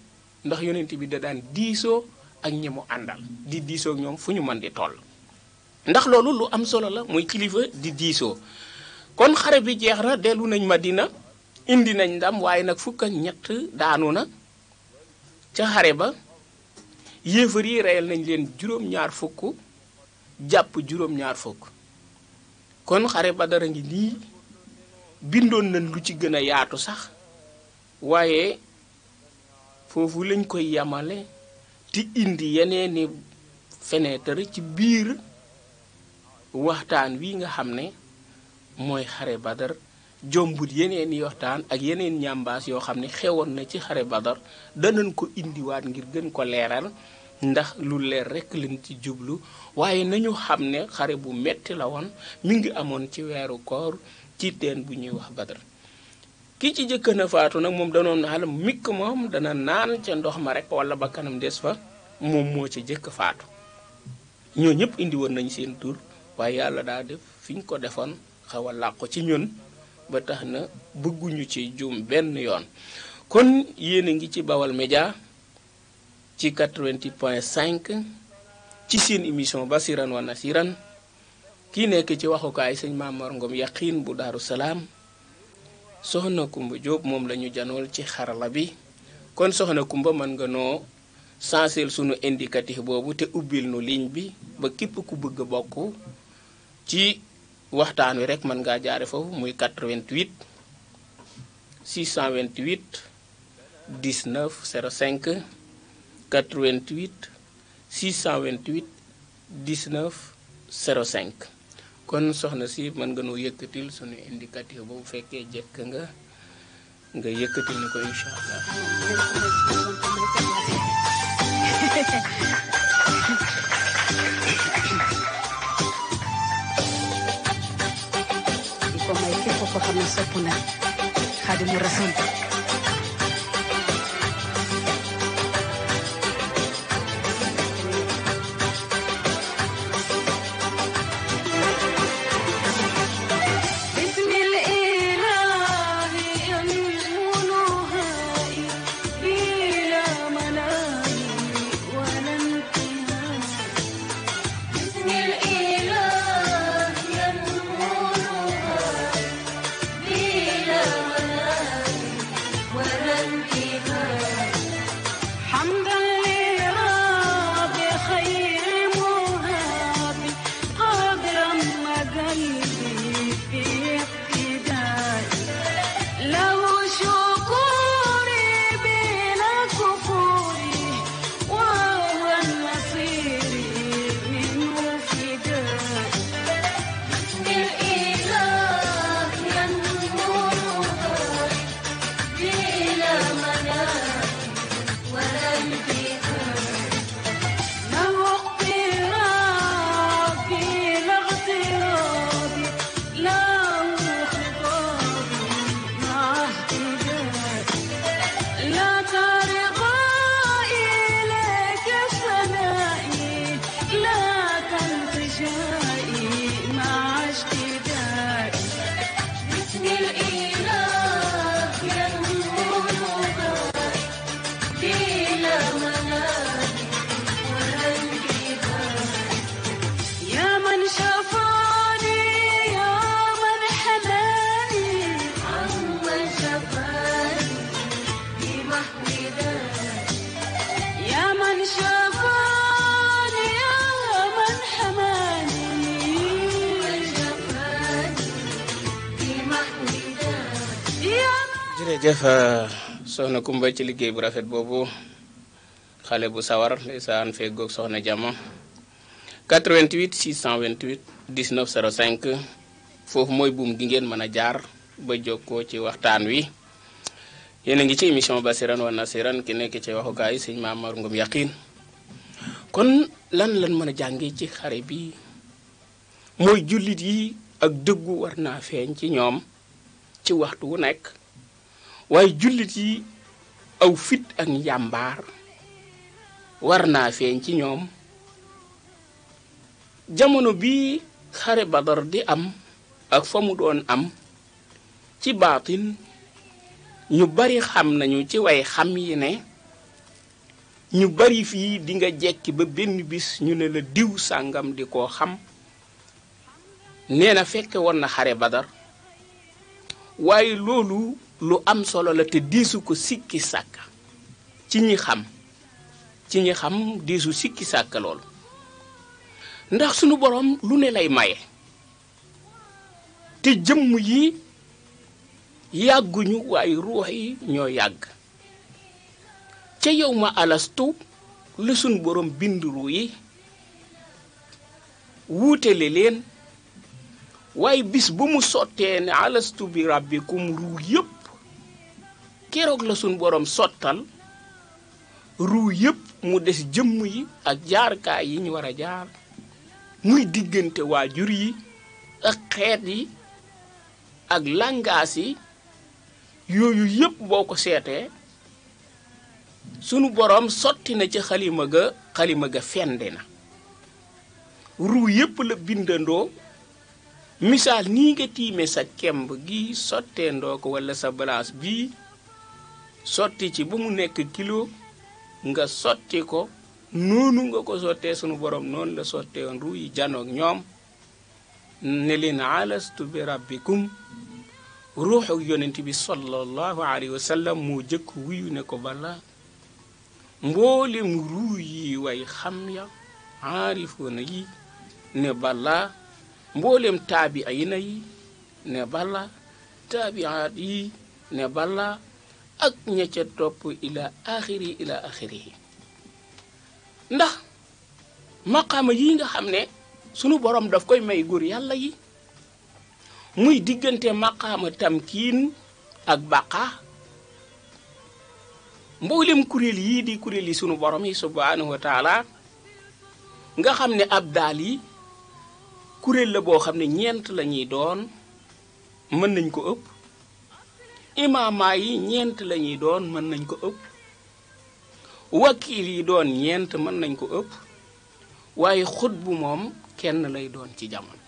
ndax yonent bi da daan diisoo ak ñi mu àndal di diisoo ak ñoom fu ñu mën di toll. ndax loolu lu am solo la muy kilifa di diisoo kon xare bi jeex na dellu nañ ma dina indi nañ ndam waaye nag fukk ñett daanu na ca xare ba yéefar yi reyal nañ leen juróom-ñaar fukk jàpp juróom-ñaar fukk kon xare ba dara ngi nii bindoon nañ lu ci gën a yaatu sax waaye foofu lañ koy yamale ti indi yeneeni fenêtre ci biir waxtaan wi nga xam ne mooy xare badar jombut yeneeni waxtaan ak yeneen ñambaas yoo xam ne xewoon na ci xare badar danañ ko indiwaat ngir gën ko leeral ndax lu leer rekk lañ ci jublu waaye nañu xam ne xare bu metti la woon mu ngi amoon ci weeru koor ci teen bu ñuy wax badar ki ci jëkk na faatu nag moom danoon xal mikk moom dana naan ca ndox ma rek wala ba kanam des fa moom moo ci jëkk faatu ñoo ñëpp indi woon nañ seen tur waaye yàlla daa def fiñ ko defoon xaw a làqu ci ñun ba tax na bëgguñu ci juum benn yoon kon yéen a ngi ci Bawal Média ci 88 point ci seen émission Basiran wa Nasiran kii nekk ci waxukaay sëñ Mamor Ngom Yakhine bu Daaru Salaam soxna Kumba Diop moom la ñu janool ci xarala bi kon soxna Kumba mën nga noo sanseel sunu indicatif boobu te ubbil nu ligne bi ba képp ku bëgg a bokk ci waxtaan wi rek mën ngaa jaare foofu muy 88 628 19 05 88 628 19 05 kon soxna si man nga noo yëkkatil sunu indicatif boobu fekke jekk nga nga yëkkatil ni ko inshallah allah ko may képp ko xam ne sopp na rasul kumba ci liggéey bu rafet boobu xale bu sawar ndeysaan feggoog soxna jàmm 88 628 19 05 foofu mooy buum gi ngeen mën a jaar ba jokkoo ci waxtaan wi yéen a ngi ci émission ba Basiran wa Nasiran ki nekk ci waxukaay sëñ Maamar Ngom Yaqiin kon lan lan mën a jàngee ci xare bi mooy jullit yi ak dëggu war naa feeñ ci ñoom ci waxtu wu nekk waaye jullit yi aw fit ak yambar war naa feeñ ci ñoom jamono bi xare badar di am ak fa mu doon am ci baatin ñu bari xam nañu ci way xam yi ne ñu bari fii di nga jekki ba benn bis ñu ne la diw sàngam di koo xam nee na fekke war na xare badar waaye loolu lu am solo la te diisu ko sikki sàkka ci ñi xam ci ñi xam diisu sikki sàkka loolu ndax sunu boroom lu ne lay maye te jëmm yi yàgguñu waaye ruux yi ñoo yàgg ca yow ma alastu la sunu boroom bind yi wuutale leen waaye bis ba mu sottee ne alastu bi rabbikum ruu yépp keroog la suñ borom sottal ruu yépp mu des jëmm yi ak jaarkaay yi war a jaar muy diggante waajur yi ak xeet yi ak làngaasi yooyu yëpp boo ko seetee sunu borom sotti na ci xalima ga xalima ga fende na ruu yépp la bindandoo misaal nii nga tiime sa kemb gi sotteendoo ko walla sa balaas bii sotti ci ba mu nekk kilo nga sotti ko noonu nga ko sottee sunu borom noonu la sottee woon ruu yi janook ñoom ne leen alastu bi rabbikum ruuxu yonent bi sallallahu alayhi wa moo jëkk wuyu ne ko bala mboolem ruu yi way xam ya aarifoona yi ne bala mboolem taabi ayna yi ne bala taabiaat yi ne bala ak ña ca topp ila axiri ila axirihi ndax maqaama yi nga xam ne sunu borom daf koy may góor yàlla yi muy diggante maqaama tamkiin ak baqa mboolem kuréel yii di kuréel yi sunu borom yi subhanahu wa taala nga xam ne ab daal yi kuréel la boo xam ne ñeent la ñuy doon mën nañ ko ëpp imaamaa yi ñeent lañuy doon mën nañ ko ëpp wakiil yi doon ñeent mën nañ ko ëpp waaye xut bu moom kenn lay doon ci jamono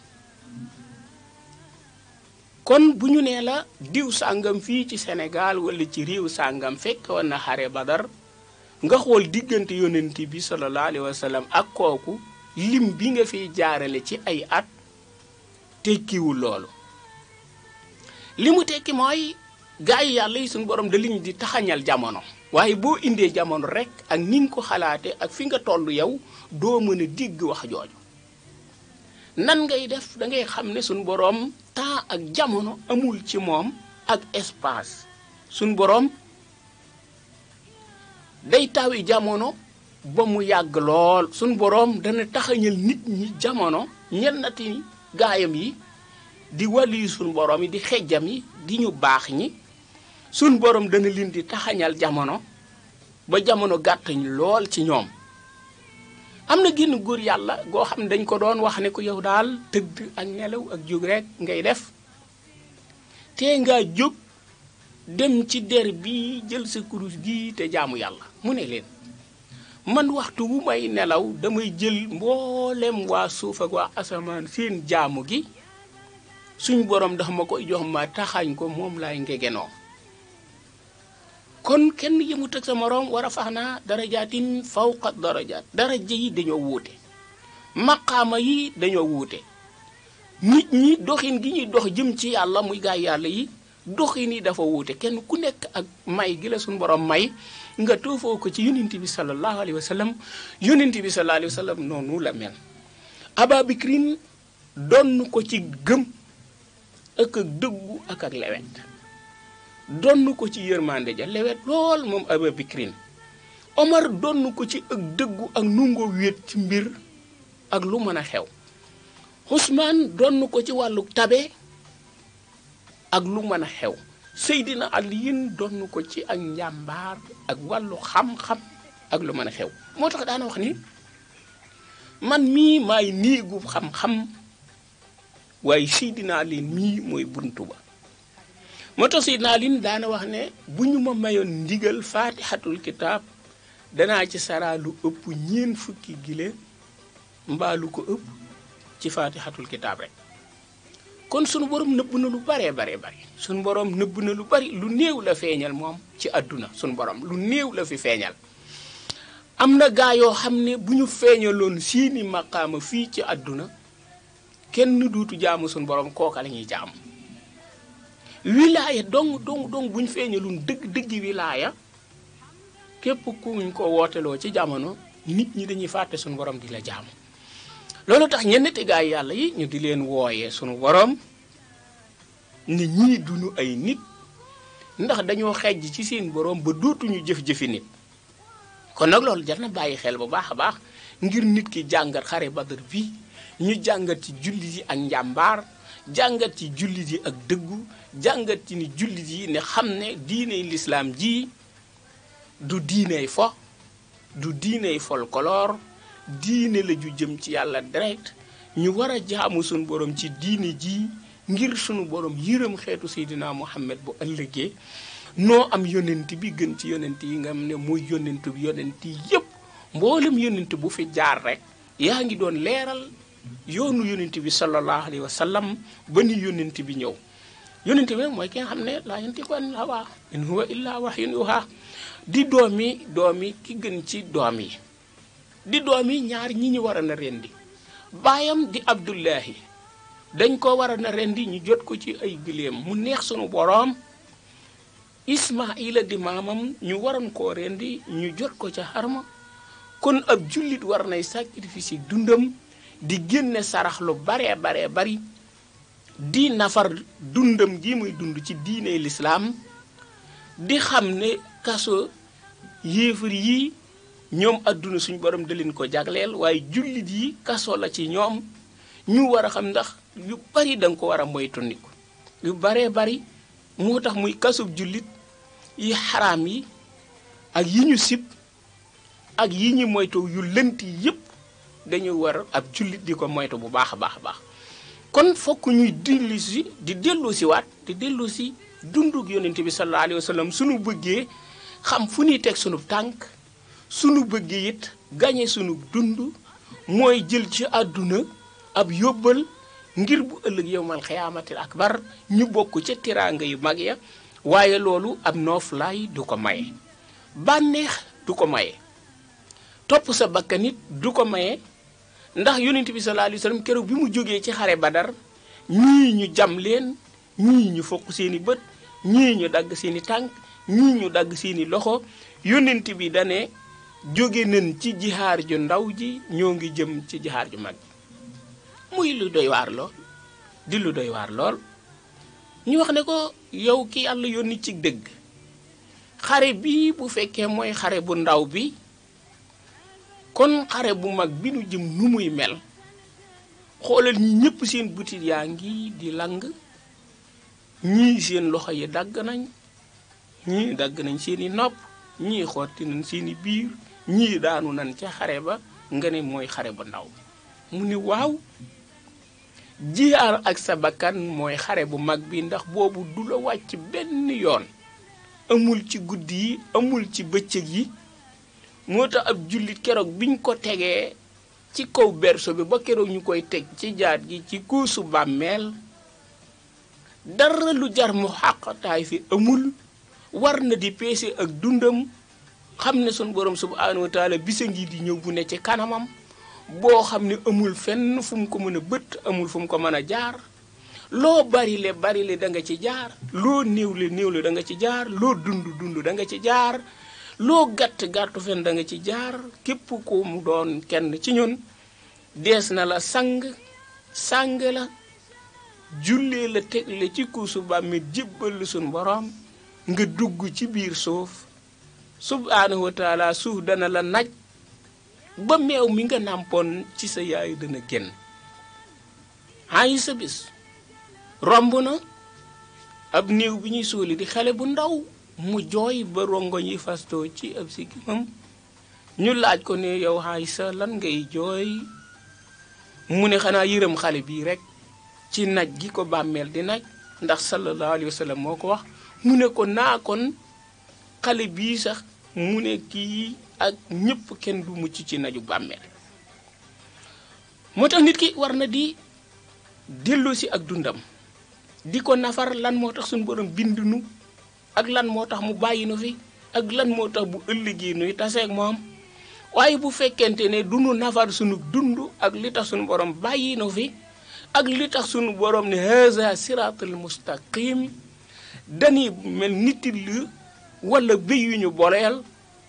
kon bu ñu nee la diw sàngam fii ci senegaal wala ci réew sàngam fekk woon na xare Badar nga xool diggante yonent bi sallallahu alayhi wa ak kooku lim bi nga fi jaarale ci ay at tekkiwul loolu li mu tekki mooy gaa yi yàlla yi suñu borom da liñ di taxañal jamono waaye boo indee jamono rekk ak ni nga ko xalaate ak fi nga toll yow doo mën a digg wax jooju nan ngay def dangay xam ne suñu boroom temps ak jamono amul ci moom ak espace suñu boroom day tawi jamono ba mu yàgg lool suñu boroom dana taxañal nit ñi jamono ñennati gaayam yi di wàlli suñu boroom yi di xejjam yi di ñu baax ñi suñ borom dana leen di taxañal jamono ba jamono gàttañ lool ci ñoom am na génn góor yàlla goo xam ne dañ ko doon wax ne ko yow daal tëdd ak nelaw ak jóg rekk ngay def te ngaa jóg dem ci der bi jël sa kurus gi te jaamu yàlla mu ne leen man waxtu wu may nelaw damay jël mboolem waa suuf ak waa asamaan seen jaamu gi suñ borom ndax ma koy jox ma taxañ ko moom laay ngegenoo kon kenn yëmut ak sa moroom war a fax naa darajaatin fawqa darajaat daraja yi dañoo wuute maqaama yi dañoo wuute nit ñi doxin gi ñuy dox jëm ci yàlla muy gaay yàlla yi doxin yi dafa wuute kenn ku nekk ak may gi la suñu borom may nga toofoo ko ci yonent bi sallallahu alayhi wa sallam yonent bi sallallahu alayhi wa sallam noonu la mel Aba Bikrin donn ko ci gëm ak ak dëggu ak ak lewet donn ko ci yërmande ja lewet lool moom Aba Bikrin Omar donn ko ci ak dëggu ak nungoo wéet ci mbir ak lu mën a xew Ousmane donn ko ci wàllu tabe ak lu mën a xew Seydina Aliyin donn ko ci ak njàmbaar ak wàllu xam-xam ak lu mën a xew moo tax daana wax ni man mii maay niigu xam-xam waaye Seydina Ali mii mooy buntu ba moo si Seydina Ali daana wax ne bu ñu ma mayoon ndigal faatixatul kitaab danaa ci saraa lu ëpp ñeen fukki gile mbaa lu ko ëpp ci faatixatul kitaab rek kon sunu borom nëbb na lu baree baree bari sunu borom nëbb na lu bari lu néew la feeñal moom ci àdduna sunu borom lu néew la fi feeñal am na gaa yoo xam ne bu ñu feeñaloon siini maqaama fii ci àdduna kenn duutu jaamu sunu borom kooka la ñuy jaam wilaya dong dong dong buñ feeñalun dëgg dëgg wilaaya képp ñu ko lo ci jamono nit ñi dañuy faté suñu borom di la jamm lolu tax ñennati gaay yalla yi ñu di leen woyé suñu borom ni ñi duñu ay nit ndax dañoo xejj ci seen borom ba dootuñu jëf-jëfi nit kon nag loolu jar na bàyyi xel bu baax a baax ngir nit ki jàngat xare badar bi ñu jàngat ci julli yi ak njàmbaar jàngat ci jullit yi ak dëggu jàngat ci ni jullit yi ne xam ne diiney lislaam ji du diiney fo du diiney folklore diine la ju jëm ci yàlla direct ñu war a jaamu sunu borom ci diine ji ngir sunu borom yërëm xeetu Seydina Muhammad bu ëllëgee noo am yonent bi gën ci yonent yi nga xam ne mooy yonent bi yonent yi yépp mboolem yonent bu fi jaar rek yaa ngi doon leeral yoonu yonent bi sallallahu alayhi wa sallam ba ni yonent bi ñëw yonent bi mooy ki nga xam ne laa ko hawa in huwa illa wahyun yuha di doomi doomi ki gën ci di doomi ñaar ñi ñi waroon a rendi bayam di abdullahi dañ ko waroon a rendi ñu jot ko ci ay gileem mu neex sunu borom ismaila di maamam ñu waran koo rendi ñu jot ko ca harma kon ab jullit war nay sacrifice dundam di génne sarax lu bare bare bari di nafar dundam ji muy dund ci diine lislaam di xam ne kaso yéefar yi ñoom àdduna suñ borom dalin ko jagleel waaye jullit yi kaso la ci ñoom ñu war xam ndax yu bari da ko war a moytundiku yu bare bari moo tax muy kaso jullit yi xaraam yi ak yi ñu sib ak yi ñu moytu yu lënt yépp dañu war ab jullit di ko moytu bu baax a baax a baax kon fokk ñuy dellu si di dellu si waat di dellu si dundug yonent bi sallallahu alayhi wa sallam suñu bëggee xam fu nuy teg sunu tànk sunu bëggee it gañe sunu dund mooy jël ci àdduna ab yóbbal ngir bu ëllëg yowmal ak bar ñu bokk ca tiraanga yu mag ya waaye loolu ab nooflaay du ko maye bànneex du ko maye topp sa bakkanit du ko maye ndax yonent bi sallallahu alayhi wa sallam keroog bi mu jógee ci xare badar ñii ñu jam leen ñii ñu fokk seeni bët ñii ñu dagg seeni tànk ñii ñu dagg seeni loxo yonent bi dane jóge nañ ci jihaar ju ndaw ji ñoo ngi jëm ci jihaar ju mag muy lu doy waar lool di lu doy waar lool ñu wax ne ko yow ki yàlla yónni ci dëgg xare bii bu fekkee mooy xare bu ndaw bi kon xare bu mag bi nu jëm nu muy mel xoolal ñi ñëpp seen butit yaa di lang ñii seen loxo yi dagg nañ ñii dagg nañ seeni nopp ñii xotti nañ seeni biir ñii daanu nañ ca xare ba nga ne mooy xare bu ndaw mu ni waaw jiyaar ak sa bakkan mooy xare bu mag bi ndax boobu du la wàcc benn yoon amul ci guddi yi amul ci bëccëg yi moo tax ab jullit keroog biñ ko tegee ci kaw berso bi ba keroog ñu koy teg ci jaar gi ci kuusu bàmmeel dara lu jar mu xàqataay fi amul war na di peese ak dundam xam ne sun borom subhaanahu wa taala bisa ngi di ñëw bu ne ci kanamam boo xam ne amul fenn fu mu ko mën a bët amul fu mu ko mën a jaar loo bari le bari le da ci jaar loo néew li néew li danga ci jaar loo dund dund danga ci jaar loo gàtt gàttu fen da ci jaar képp ku mu doon kenn ci ñun dees na la sang sang la jullee la tegle ci kuusu bàmmit jébbal suñ boroom nga dugg ci biir suuf subhaanahu wa suuf dana la naj ba meew mi nga nàmpoon ci sa yaay dana génn ayi sa bis romb na ab néew bi ñuy suuli di xale bu ndaw mu jooy ba rongoñ fasto ci ab siggimam ñu laaj ko ne yow Aysa lan ngay jooy mu ne xanaa yërëm xale bii rek ci naj gi ko bàmmeel di naj ndax sallallahu alayhi moo ko wax mu ne ko naa kon xale bii sax mu ne kii ak ñépp kenn du mucc ci naju bàmmeel moo tax nit ki war na di dellu ak dundam di ko nafar lan moo tax suñu borom bind nu ak lan moo tax mu bàyyi nu fi ak lan moo tax bu ëllëgee nuy taseeg moom waaye bu fekkente ne du nu nafar sunu dund ak li tax sunu borom bàyyi nu fi ak li tax sunu borom ne haza siratul mustaqim dañuy mel nitil lu wala béy yu ñu boleel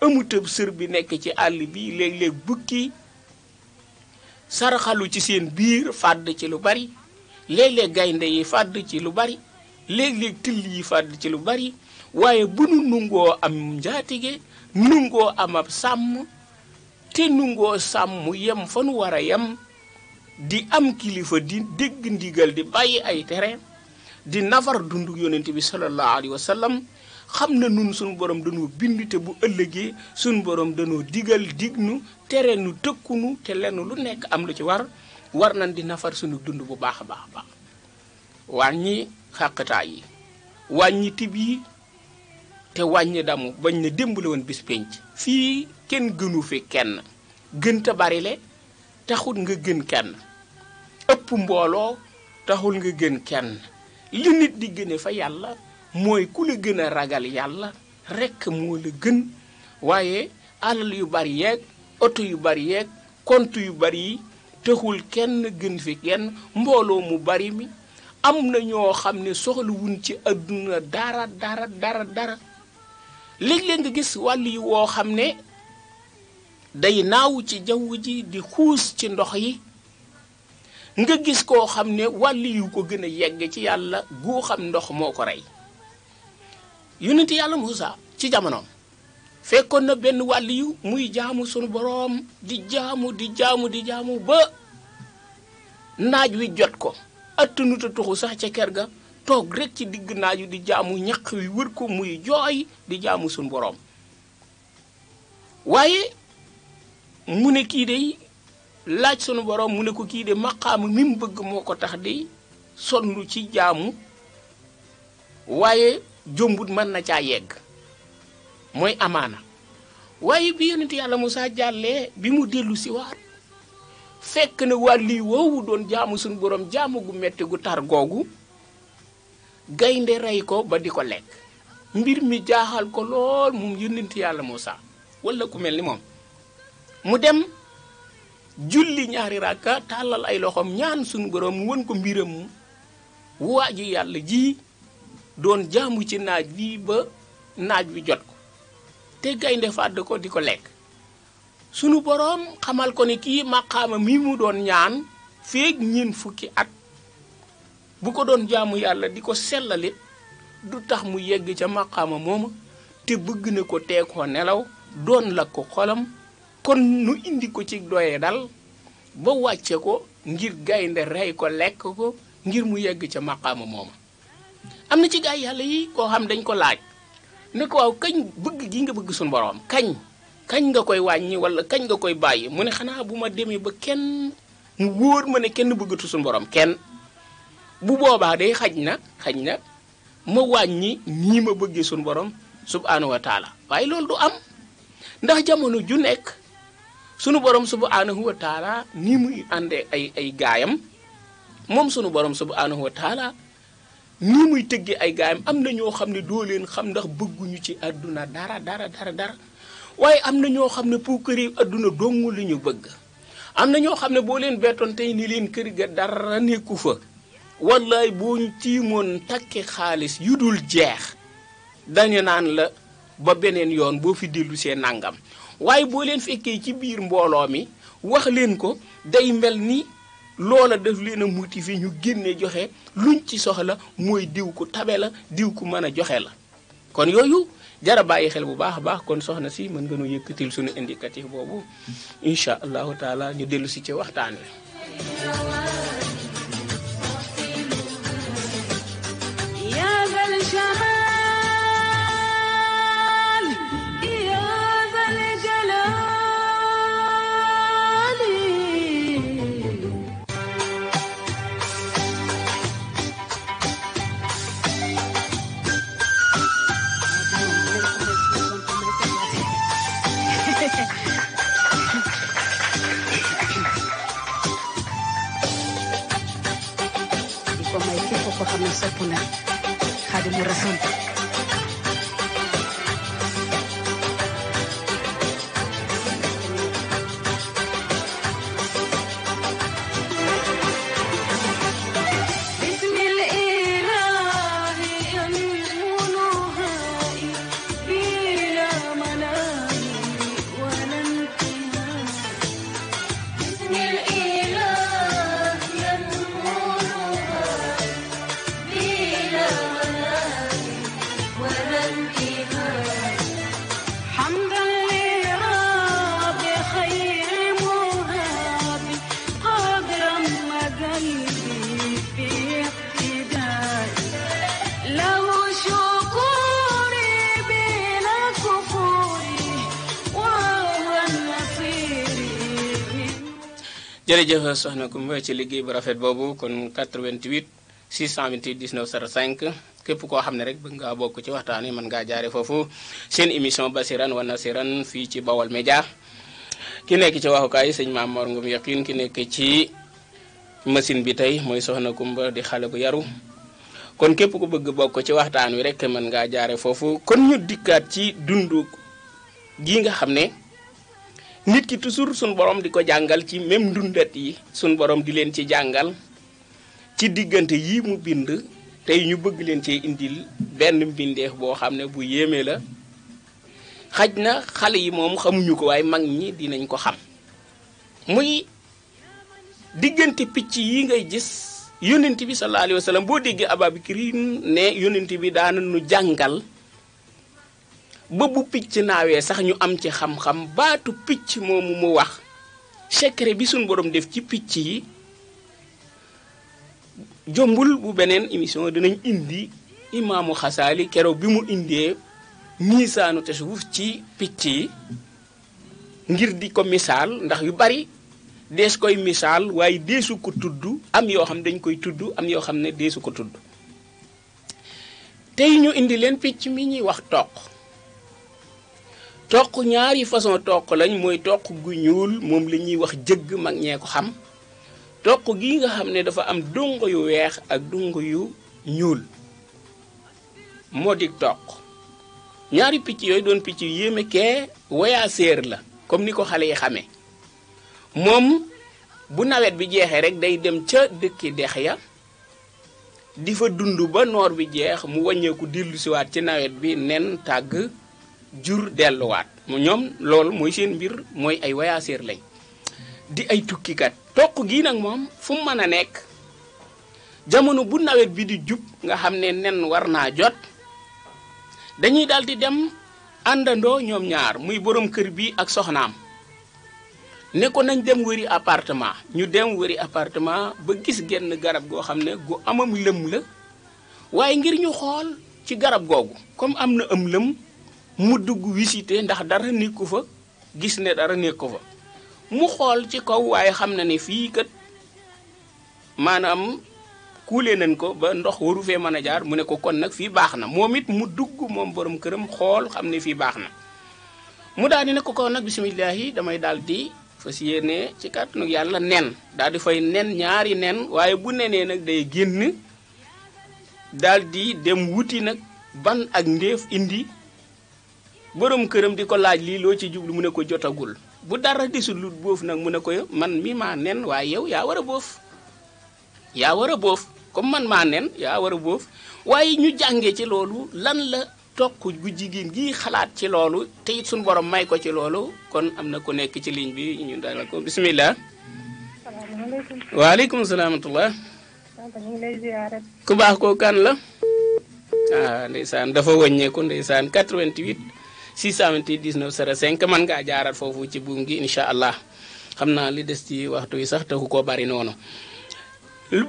amutëb sër bi nekk ci àll bi léeg-léeg bukki saraxalu ci seen biir fàdd ci lu bari léeg-léeg gaynde yi fàdd ci lu bari léeg-léeg till yi fàdd ci lu bari waaye bu nu nungoo am njaatige nungoo am ab sàmm te nungoo sàmm yem fa nu wara yem di am kilifa di dégg ndigal di bàyyi ay tere di nafar dund yonent bi sallallahu alayhi wa xam na nun sunu borom dañoo bind te bu ëllëgee suñu borom dañoo digal dig nu tere nu tëkkunu te lenn lu nekk am lu ci war war nañ di nafar suñu dund bu baax a baax a baax wàññi xàqtaay yi wàññi tib yi te wàññi damu bañ ne démb la woon bis fii kenn gënu fi kenn gën te bari le taxul nga gën kenn ëpp mbooloo taxul nga gën kenn li nit di gëne fa yàlla mooy ku la gën a ragal yàlla rekk moo la gën waaye alal yu bari yeeg oto yu bari yeeg kont yu bari yi taxul kenn gën fi kenn mbooloo mu bari mi am na ñoo xam ne soxla wuñ ci àdduna dara dara dara dara léeg-léeg nga gis wàll yi woo xam ne day naaw ci jaww ji di xuus ci ndox yi nga gis koo xam ne wàll yu ko gën a yegg ci yàlla goo xam ndox moo ko rey yu yonent yàlla Muusaa ci jamonoom fekkoon na benn wàll yu muy jaamu sunu boroom di jaamu di jaamu di jaamu ba naaj wi jot ko attanut a tuxu sax ca kër ga toog rek ci digg naaju di jaamu ñaq wi wër ko muy jooy di jaamu suñu boroom waaye mu ne kii day laaj sunu boroom mu ne ko kii de maqaama mi mu bëgg moo ko tax di sonn ci jaamu waaye jombut mën na caa yegg mooy amaana waaye bi yonent yàlla Musaa jàllee bi mu dellu si waat fekk na wàll yi doon jaamu suñu boroom jaamu gu metti gu tar googu gaynde rey ko ba di ko lekk mbir mi jaaxal ko lool moom yónnent yàlla Muusaa wala ku mel ni moom mu dem julli ñaari ràkka tàllal ay loxoom ñaan suñu borom wën ko mbiram waa ji yàlla ji doon jaamu ci naaj wi ba naaj wi jot ko te gaynde fàdd ko di ko lekk sunu boroom xamal ko ni kii maqaama mi mu doon ñaan feeg ñeent fukki at bu ko doon jaamu yàlla di ko sellalit du tax mu yegg ca maqaama mooma te bëgg ne ko teekoo nelaw doon la ko xolam kon nu indi ko ci doye dal ba wàcce ko ngir gaynde rey ko lekk ko ngir mu yegg ca maqaama mooma am na ci gaay yàlla yi koo xam dañ ko laaj ne ko waaw kañ bëgg gi nga bëgg suñu borom kañ kañ nga koy wàññi wala kañ nga koy bàyyi mu ne xanaa bu ma demee ba kenn mu wóor ma ne kenn bëggatu suñu borom kenn bu boobaa dey xaj na xaj na ma wàññi ñii ma bëggee suñu borom subhaanahu wa waaye loolu du am ndax jamono ju nekk sunu borom subhaanahu wa taala ni muy àndee ay ay gaayam moom sunu borom subhaanahu wa taala ni muy tëggee ay gaayam am na ñoo xam ne doo leen xam ndax bëgguñu ci àdduna dara dara dara dara waaye am na ñoo xam ne pour kër yi àdduna dong li ñu bëgg am na ñoo xam ne boo leen bettoon tey nii leen kër ga dara nekku fa wallaay boo ñu tiimoon takki xaalis yu dul jeex dañu naan la ba beneen yoon boo fi dellu nangam waaye boo leen fekkee ci biir mbooloo mi wax leen ko day mel ni loola daf leen a fi ñu génne joxe luñ ci soxla mooy diw ku tabe la diw ku mën a joxe la kon yooyu jara bàyyi xel bu baax a baax kon soxna si mën nga nu yëkkatil suñu indicatif boobu incha allahu taala ñu dellu si ci waxtaan wi alguna. Jade mi Resulta. jërëjëf soxna Kumba ci liggéey bu rafet boobu kon 88 628 19 05 képp koo xam ne rek bëgg ngaa bokk ci waxtaan wi mën ngaa jaare foofu seen émission Basiran wa Nasiran fii ci Bawol Média ki nekk ci waxukaay sëñ Maam Mor Ngom Yakhine ki nekk ci machine bi tey mooy soxna Kumba di xale bu yaru kon képp ku bëgg bokk ci waxtaan wi rek mën ngaa jaare foofu kon ñu dikkaat ci dundu gi nga xam ne nit ki toujours suñ borom di ko jàngal ci même ndundat yi suñ borom di leen ci jàngal ci diggante yii mu bind tey ñu bëgg leen ci indil benn mbindeef boo xam ne bu yéemee la xaj na xale yi moom xamuñu ko waaye mag ñi dinañ ko xam muy diggante picc yi ngay gis yonent bi sallallahu alayhi wa boo déggee ababikrin ne yonent bi daana nu jàngal ba picc naawee sax ñu am ci xam-xam baatu picc moomu mu wax secret bi suñ borom def ci picc yi jombul bu beneen émission dinañ indi imaamu xasaali keroog bi mu indee miisaanu suuf ci picc yi ngir di ko misaal ndax yu bari dees koy misaal waaye deesu ko tudd am yoo xam ne dañ koy tudd am yoo xam ne deesu ko tudd tey ñu indi leen picc mi ñuy wax toq toq ñaari façon toq lañ mooy toq gu ñuul moom la ñuy wax jëgg mag ñee ko xam toq gi nga xam ne dafa am dungu yu weex ak dungu yu ñuul moo di toq ñaari picc yooyu doon picc yu yéeme kee voyageur la comme ni ko xale yi xamee moom bu nawet bi jeexee rek day dem ca dëkki dex ya di fa dund ba noor bi jeex mu wàññeeku dellusiwaat ci nawet bi nen tàgg jur delluwaat ñoom loolu mooy seen mbir mooy ay voyageurs lañ di ay tukkikat toq gii nag moom fu mu mën a nekk jamono bu nawet bi di jub nga xam ne nen war naa jot dañuy daal di dem àndandoo ñoom ñaar muy borom kër bi ak soxnaam ne ko nañ dem wëri appartement ñu dem wëri appartement ba gis genn garab goo xam ne gu amam lëm la waaye ngir ñu xool ci garab googu comme am na am lëm mu dugg wisite ndax dara ko fa gis ne dara ko fa mu xool ci kaw waaye xam na ne fii kat maanaam kuule nañ ko ba ndox waru fee mën a jaar mu ne ko kon nag fii baax na moom it mu dugg moom borom këram xool xam ne fii baax na mu daal di ne ko kon nag bisimilahi damay daal di fas yéene ci kàttanu yàlla nen daal di fay nen ñaari nen waaye bu nenee nag day génn daal di dem wuti nag ban ak ndéef indi borom këram di ko laaj lii loo ci jublu mu ne ko jotagul bu dara desul lu boof nag mu ne ko man mi maa nen waaye yow yaa war a boof yaa war a comme man maa nen yaa war a boof waaye ñu jànge ci loolu lan la tokk gu jigéen gi xalaat ci loolu te it suñu borom may ko ci loolu kon am na ku nekk ci ligne bi ñu dala ko bismillah salaamaaleykum waaleykum salaam ku baax koo kan la. ah ndeysaan dafa wàññeeku ndeysaan 88. 628 19 05 man ngaa jaaral foofu ci buum gi incha allah xam naa li des ci waxtu yi sax taxu koo bari noonu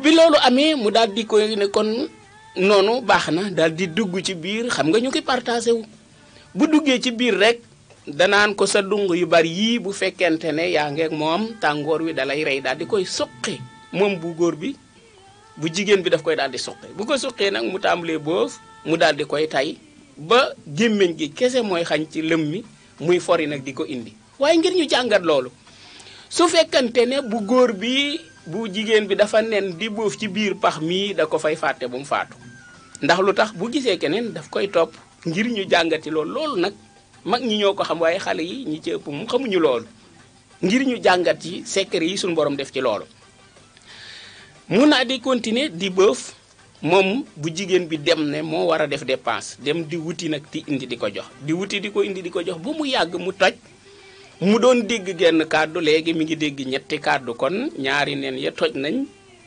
bi loolu amee mu dal di koy ne kon noonu baax na daal di dugg ci biir xam nga ñu koy partagé wu bu duggee ci biir rek danaan ko sa dung yu bari yii bu fekkente ne yaa ngeeg moom tàngoor wi dalay rey daal di koy suqi moom bu góor bi bu jigéen bi daf koy daal di suqi bu ko suqee nag mu tàmbalee boof mu daal di koy tay ba gémmiñ gi kese mooy xañ ci lëm mi muy fori nag di ko indi waaye ngir ñu jàngat loolu su fekkante ne bu góor bi bu jigéen bi dafa nen di bóof ci biir pax mii da ko fay fàtte bu mu faatu ndax lu tax bu gisee keneen daf koy topp ngir ñu jàngati loolu loolu nag mag ñi ñoo ko xam waaye xale yi ñi ci ëpp mu xamuñu loolu ngir ñu jàngat ci secret yi suñu borom def ci loolu mun naa di continuer di bëf moom bu jigéen bi dem ne moo war a def dépense dem di wuti nag di indi di ko jox di wuti di ko indi di ko jox ba mu yàgg mu toj mu doon dégg genn kàddu léegi mi ngi dégg ñetti kàddu kon ñaari neen ya toj nañ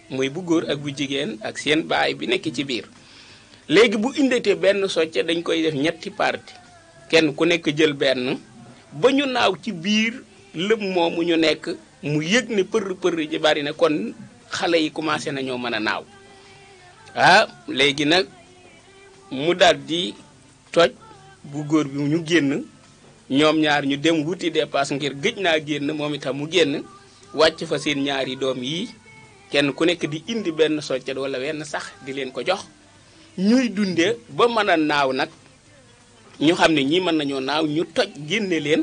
muy bu góor ak bu jigéen ak seen baay bi nekk ci biir léegi bu indete benn socce dañ koy def ñetti parti kenn ku nekk jël benn ba ñu naaw ci biir lëb moomu ñu nekk mu yëg ne për për ji bari na kon xale yi commencé nañoo mën a naaw ah léegi nag mu daldi toj bu góor bi ñu génn ñoom ñaar ñu dem wuti dépasse ngir gëj naa génn moom itam mu génn wàcc fa seen ñaari doom yi kenn ku nekk di indi benn soccet walla wenn sax di leen ko jox ñuy dunde ba mën a naaw nag ñu xam ne ñii mën nañoo naaw ñu toj génne leen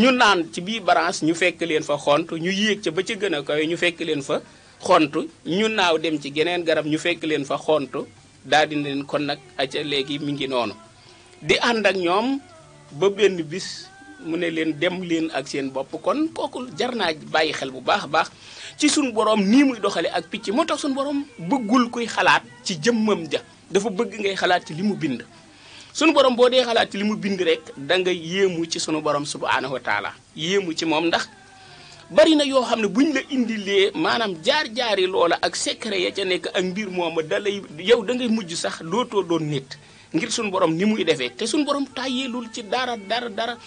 ñu naan ci biir branche ñu fekk leen fa xont ñu yéeg ca ba ca gën a kawe ñu fekk leen fa xontu ñu naaw dem ci geneen garab ñu fekk leen fa xontu daal di leen kon nag aca léegi mi ngi noonu di ànd ak ñoom ba benn bis mu ne leen dem leen ak seen bopp kon kooku jar naa bàyyi xel bu baax a baax ci suñu borom nii muy doxale ak picc moo tax suñu borom bëggul kuy xalaat ci jëmmam ja dafa bëgg ngay xalaat ci li mu bind sunu borom boo dee xalaat ci li mu bind rek da nga yéemu ci sunu borom subhaanahu wa taala yéemu ci moom ndax bari na yoo xam ne bu ñu la indilee maanaam jaar-jaari loola ak secret yee ca nekk ak mbir mooma dalay yow da ngay mujj sax dootoo doon nit ngir suñu borom ni muy defee te suñ borom lul ci dara dara dara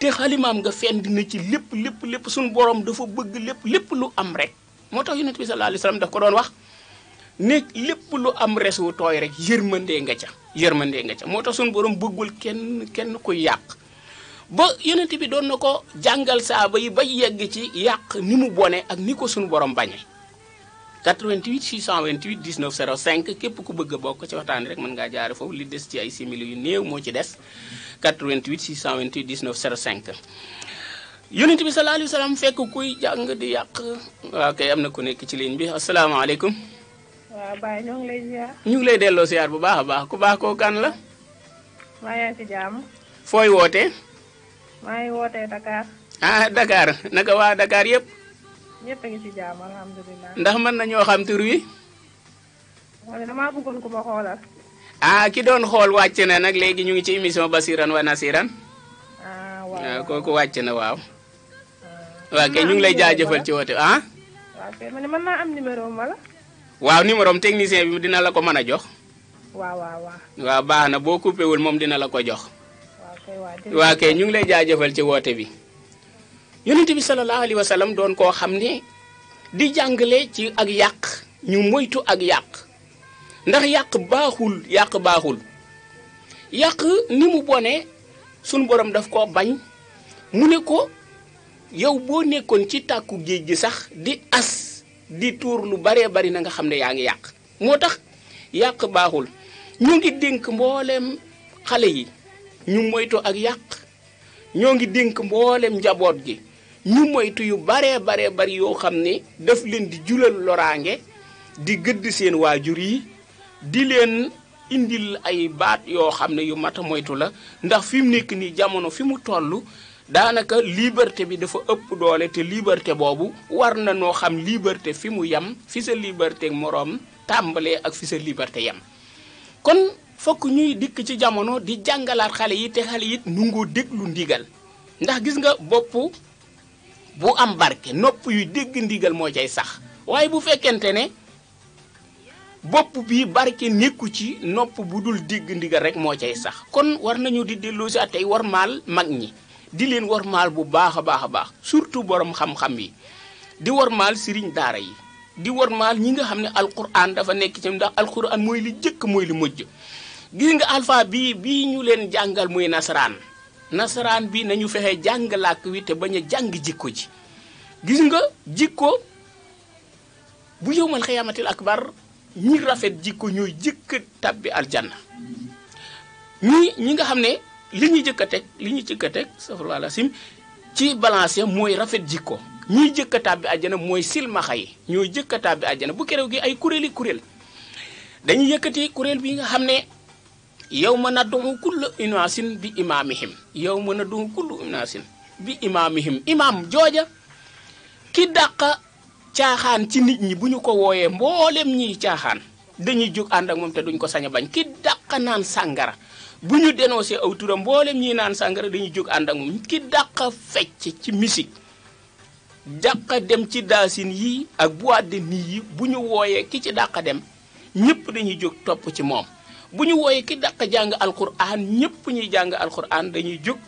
te xalimaam nga fend na ci lépp lépp lépp suñ borom dafa bëgg lépp lépp lu am rek moo tax yonent bi sallallahu alayhi wasallam ko doon wax ne lépp lu am res wu tooy rek yërmandee nga ca yërmandee nga ca moo tax suñ borom bëggul kenn kenn ku yàq ba yonent bi doon na ko jàngal saaba yi ba yegg ci yàq ni mu bone ak ni ko sunu borom bañe 88 628 19 05 képp ku bëgg a bokk ci waxtaan wi rek mën ngaa jaare foofu li des ci ay simili yu néew moo ci des 88 628 19 05 yonent bi sallallahu alayhi wa sallam fekk kuy jàng di yàq waaw kay am na ku nekk ci ligne bi asalaamaaleykum. waaw Baye ñu ngi lay delloo ziar bu baax a baax ku baax koo kan la. maa yaa ngi fooy wootee. maa ngi wootee Dakar. ah dakaar naka waa dakaar yëpp. ñëpp a ngi ci ndax mën na xam tur wi. wala damaa bëggoon ku ma xoolal. ah ki doon xool wàcc na nag léegi ñu ngi ci émission ba Basiran wa na ah waaw ah, kooku wàcc na waaw. Ah. waaw kay ñu ngi lay jaajëfal ci woote ah. waaw kay man mën am numéro waaw numéro technicien bi dina la ko mën a jox. waaw waaw baax na boo coupé moom dina la ko jox. waa kay ñu ngi lay jaajëfal ci woote bi yonent bi sallallahu alayhi wa doon koo xam ne di jàngale ci ak yàq ñu moytu ak yàq ndax yàq baaxul yàq baaxul yàq ni mu bone suñu borom daf ko bañ mu ne ko yow boo nekkoon ci tàkku géej gi sax di as di tuur lu baree bari na nga xam ne yaa ngi yàq moo tax yàq baaxul ñu ngi dénk mbooleem xale yi ñu moytu ak yàq ñoo ngi dénk mboolem njaboot gi ñu moytu yu bare baree bari yoo xam ne daf leen di julal loraange di gëdd seen waajur yi di leen indil ay baat yoo xam ne yu mat a moytu la ndax fi nekk nii jamono fi mu toll daanaka liberté bi dafa ëpp doole te liberté boobu war na noo xam liberté fi mu yem fi sa liberté moroom tàmbalee ak fi sa liberté yam kon fokk ñuy dikk ci jamono di jàngalaat xale yi te xale yi dégg lu ndigal ndax gis nga bopp bu am barke nopp yu dégg ndigal moo cay sax waaye bu fekkente ne bopp bi barke nekku ci nopp bu dul dégg ndigal rek moo cay sax kon war nañu di delloo si tey war maal mag ñi di leen war maal bu baax a baax a baax surtout borom xam-xam yi di war maal siriñ daara yi di war maal ñi nga xam ne alquran dafa nekk ci ndax alquran mooy li jëkk mooy li mujj gi nga alpha bi bi ñu leen jàngal muy nasaraan nasaraan bi nañu fexe jàng làkk wi te bañ a jàng jikko ji gis nga jikko bu yowmal xiyamatil akbar ñi rafet jikko ñooy jëkk tabbi aljanna ñi ñi nga xam ne li jëkk a li jëkk a teg sim ci balance ya mooy rafet jikko ñi jëkk a tabbi aljana mooy silma xay ñooy jëkk a tabbi aljana bu kerew gi ay kuréeli kuréel dañuy yëkkati kuréel bi nga xam yow ma nad'u kullu unaasin bi imaamihim yow ma nad'u kullu unaasin bi imaamihim imaam jooja ki dàqa caaxaan ci nit ñi bu ñu ko wooyee mboolem ñi caaxaan dañuy jóg ànd ak moom te duñ ko sañ bañ ki dàqa naan sàngara bu ñu dénoncé awtura turam mboolem ñiy naan sàngara dañuy jóg ànd ak moom ki dàqa fecc ci musique dàqa dem ci daasin yi ak bu de nuit yi bu ñu wooyee ki ci dàqa dem ñëpp dañuy jóg topp ci moom bu ñu wooyee ki daq jàng alquran ñëpp ñuy jàng alquran dañuy jóg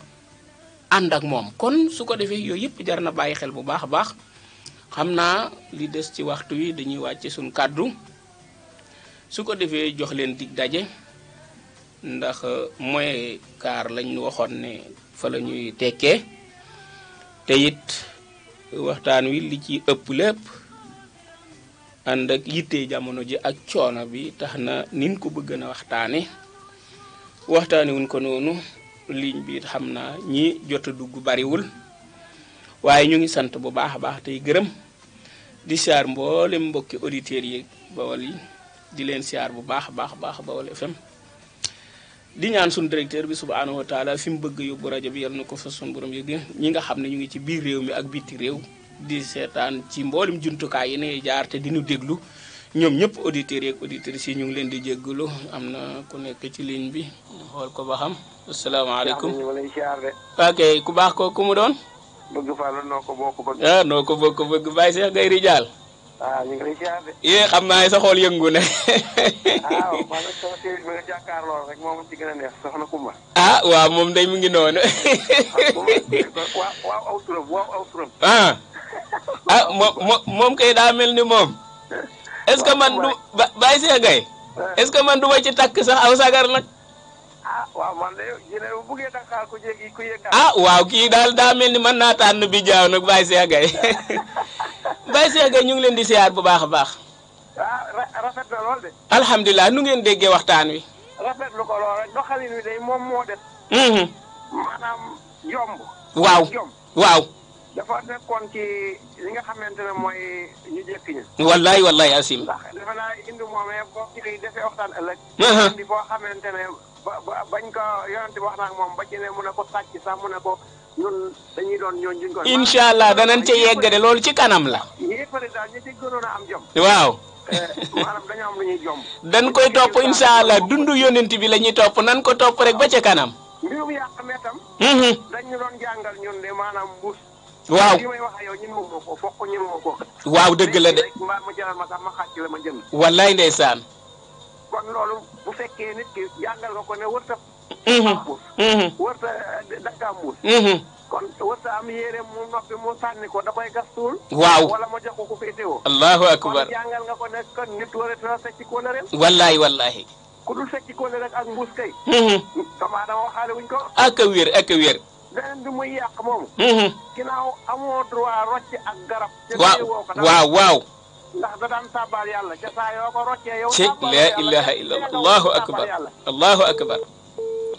ànd ak moom kon su ko defee yooyu yëpp jar na bàyyi xel bu baax a baax xam naa li des ci waxtu wi dañuy wàcce suñu kàddu su ko defee jox leen dig daje ndax euh, mooy kaar lañ waxoon ne fa la ñuy tekkee te it waxtaan wi li ci ëpp lépp ànd ak yitte jamono ji ak coono bi tax na nin ko bëgg na waxtaane waxtaane wuñ ko noonu ligne bi xam naa ñi jot a dugg bariwul waaye ñu ngi sant bu baax a baax tey gërëm di siyaar mu mbokki auditeurs yi bawal yi di leen siyaar bu baax a baax baax bawal FM di ñaan suñu directeur bi subhaanahu wa taala fi mu bëgg yóbbu rajo bi yal na ko fa suñu borom yëg ñi nga xam ne ñu ngi ci biir réew mi ak biti réew di seetaan ci mboolem jumtukaay yi ne jaar te di ñu déglu ñoom ñëpp auditeurs yeeg auditrices yi ñu ngi leen di jéggalu am na ku nekk ci ligne bi xool ko ba xam. asalaamaaleykum ok ku baax ko ku doon. bëgg Fallou noo ko bokk bëgg. ah noo ko bëgg Baye Cheikh Gueye Ridial. waaw ah, ñu ngi lay ziar yee xam naa sa xool yëngu na. waaw ah, rek moom ci a neex soxna Kumba. ah waaw moom day mu ngi noonu. waaw waaw aw turam ah. ah moom moom kay daa mel ni moom est-ce que man du bàyyi see gay est-ce que man du ma ci takk sax aw sagar nag. ah waaw ah, kii daal daa mel ni mën naa tànn bi jaaw nag bàyyi see gay bàyyi see gay ñu ngi leen di siyaar bu baax a baax. ah nu ngeen déggee waxtaan wi. rafet ko moom moo def. Mhm. waaw waaw. dafa nekkoon ci li nga xamante ne mooy ñu jëkk ñi. wallaay wallaay asim. ndax defe naa indi moomee boo ci koy defee waxtaan ëllëg. Uh-huh. xamante ne ba ba bañ ko yonent bi wax naa moom ba ci ne mu ne ko sàcc sax mu ne ko ñun dañuy doon ñooñu ñu ko. incha allah danañ ca yegg de loolu ci kanam la. yéefare daal ñu ci a am jom. waaw. Eh, maanaam dañoo am lu ñuy jom. dañ koy topp incha allah dundu yonent bi la ñuy topp nan ko topp rek ba ca kanam. mbirum yàq metam. Mm-hmm. dañ dañu doon jàngal ñun de maanaam mbuus. waaw waaw dëgg la de. wallaay ndeysaan. kon loolu bu fekkee nit ki jàngal nga ko ne wërta. wërta daggaa muus. kon wërta am yére mu noppi mu sànni ko da koy gas suul. waaw wala ma ko ku féetewoo. allahu akbar kon jàngal nga ko ne kon nit wërta fecc ko la ren. wallaay wallaay. ku dul fecc ko la rek ak mbuus kay. Mhm. dama dama waxaale wuñ ko. ak a wér ak a beneen bi muy yàq moomu. Mhm. ginnaaw amoo droit rocc ak garab. waaw waaw ndax da daan tàbbaal akbar allahu akbar.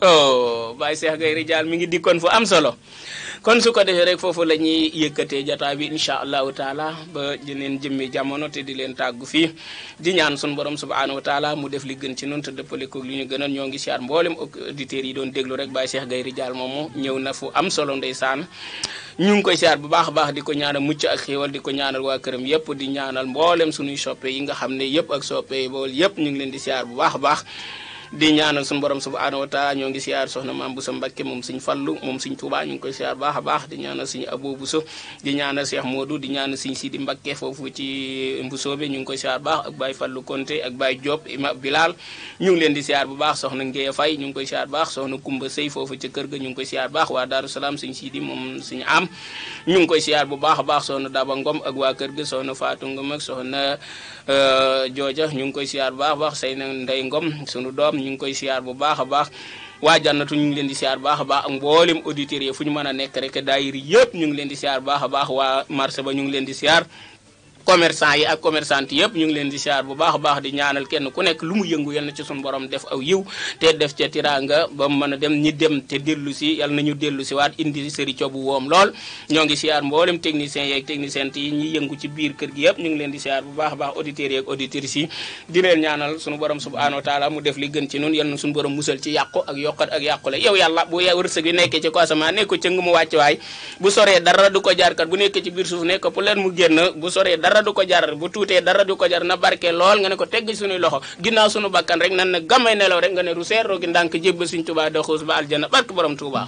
oh Baye Cheikh Gueye Ridial mi ngi dikkoon fu am solo. kon su ko defee rek foofu la ñuy yëkkatee jataa bi incha allahu taala ba jëmmee jamono te di leen tàggu fii di ñaan sun borom subhanahu wa taala mu def li gën ci nun te dëppale ko li ñu gënoon ñoo ngi siyaar mboolem auditeurs yi doon déglu rek Baye Cheikh Gaye jaal moomu ñëw na fu am solo ndeysaan ñu ngi koy siyaar bu baax a baax di ko ñaanal mucc ak xéewal di ko ñaanal waa këram yëpp di ñaanal mboolem suñuy soppe yi nga xam ne yëpp ak soppe bool yëpp ñu ngi leen di siyaar bu baax a baax di ñaanal suñu borom subhanahu wa taala ñoo ngi siyaar soxna maam Bousso Mbakke moom suñ fallu moom suñ Tuubaa ñu ngi koy siyaar baax a baax di ñaanal suñu Abou Bousso di ñaanal Cheikh Modou di ñaanal suñ Sidi Mbakke foofu ci Mbusoobe ñu ngi koy siyaar baax ak Baye Fallu Konte ak Baye Diop Ima Bilal ñu ngi leen di siyaar bu baax soxna Ngéya Fay ñu ngi koy siyaar baax soxna Kumba Sëy foofu ci kër ga ñu ngi koy siyaar baax waa Daaru Salaam suñ Sidi moom suñu am ñu ngi koy siyaar bu baax a baax soxna Daba Ngom ak waa kër ga soxna Fatou Ngom ak soxna euh, Jooja ñu ngi koy siyaar bu baax baax say na Ndey Ngom ñu ngi koy siyaar bu baax a baax waa jannatu ñu ngi leen di siyaar baax a baax ak mboolem auditeurs yi fu ñu mën a nekk rek daayir yëpp ñu ngi leen di siyaar baax a baax waa marché ba ñu ngi leen di siyaar commerçant yi ak commerçante yépp ñu ngi leen di siyaar bu baax baax di ñaanal kenn ku nekk lu mu yëngu yal na ci sun borom def aw yiw te def ca tiranga ba mën dem ñi dem te dellu si yal nañu dellu si waat indi sëri cobu woom lool ñoo ngi siyaar mboolem technicien yeeg technicien yi ñi yëngu ci biir kër gi yépp ñu ngi leen di siyaar bu baax baax auditeurs yeeg auditrices yi di leen ñaanal sunu borom subhanahu wa taala mu def li gën ci nun yal na sunu borom musal ci yàqu ak yokkat ak yàqule yow yàlla bu wërsëg bi nekkee ci ko asama nekk cëng mu wàcc waay bu soree dara du ko kat bu nekk ci biir suuf nekk pu leen mu génn bu soree dara du ko jar bu tuutee dara du ko jar na barke lool nga ne ko tegg suñuy loxo ginnaaw suñu bakkan rek nan na gamay nelaw rek nga ne ru seeroo gi ndànk jébb suñ tubaa doxuus ba aljana barke borom tuubaa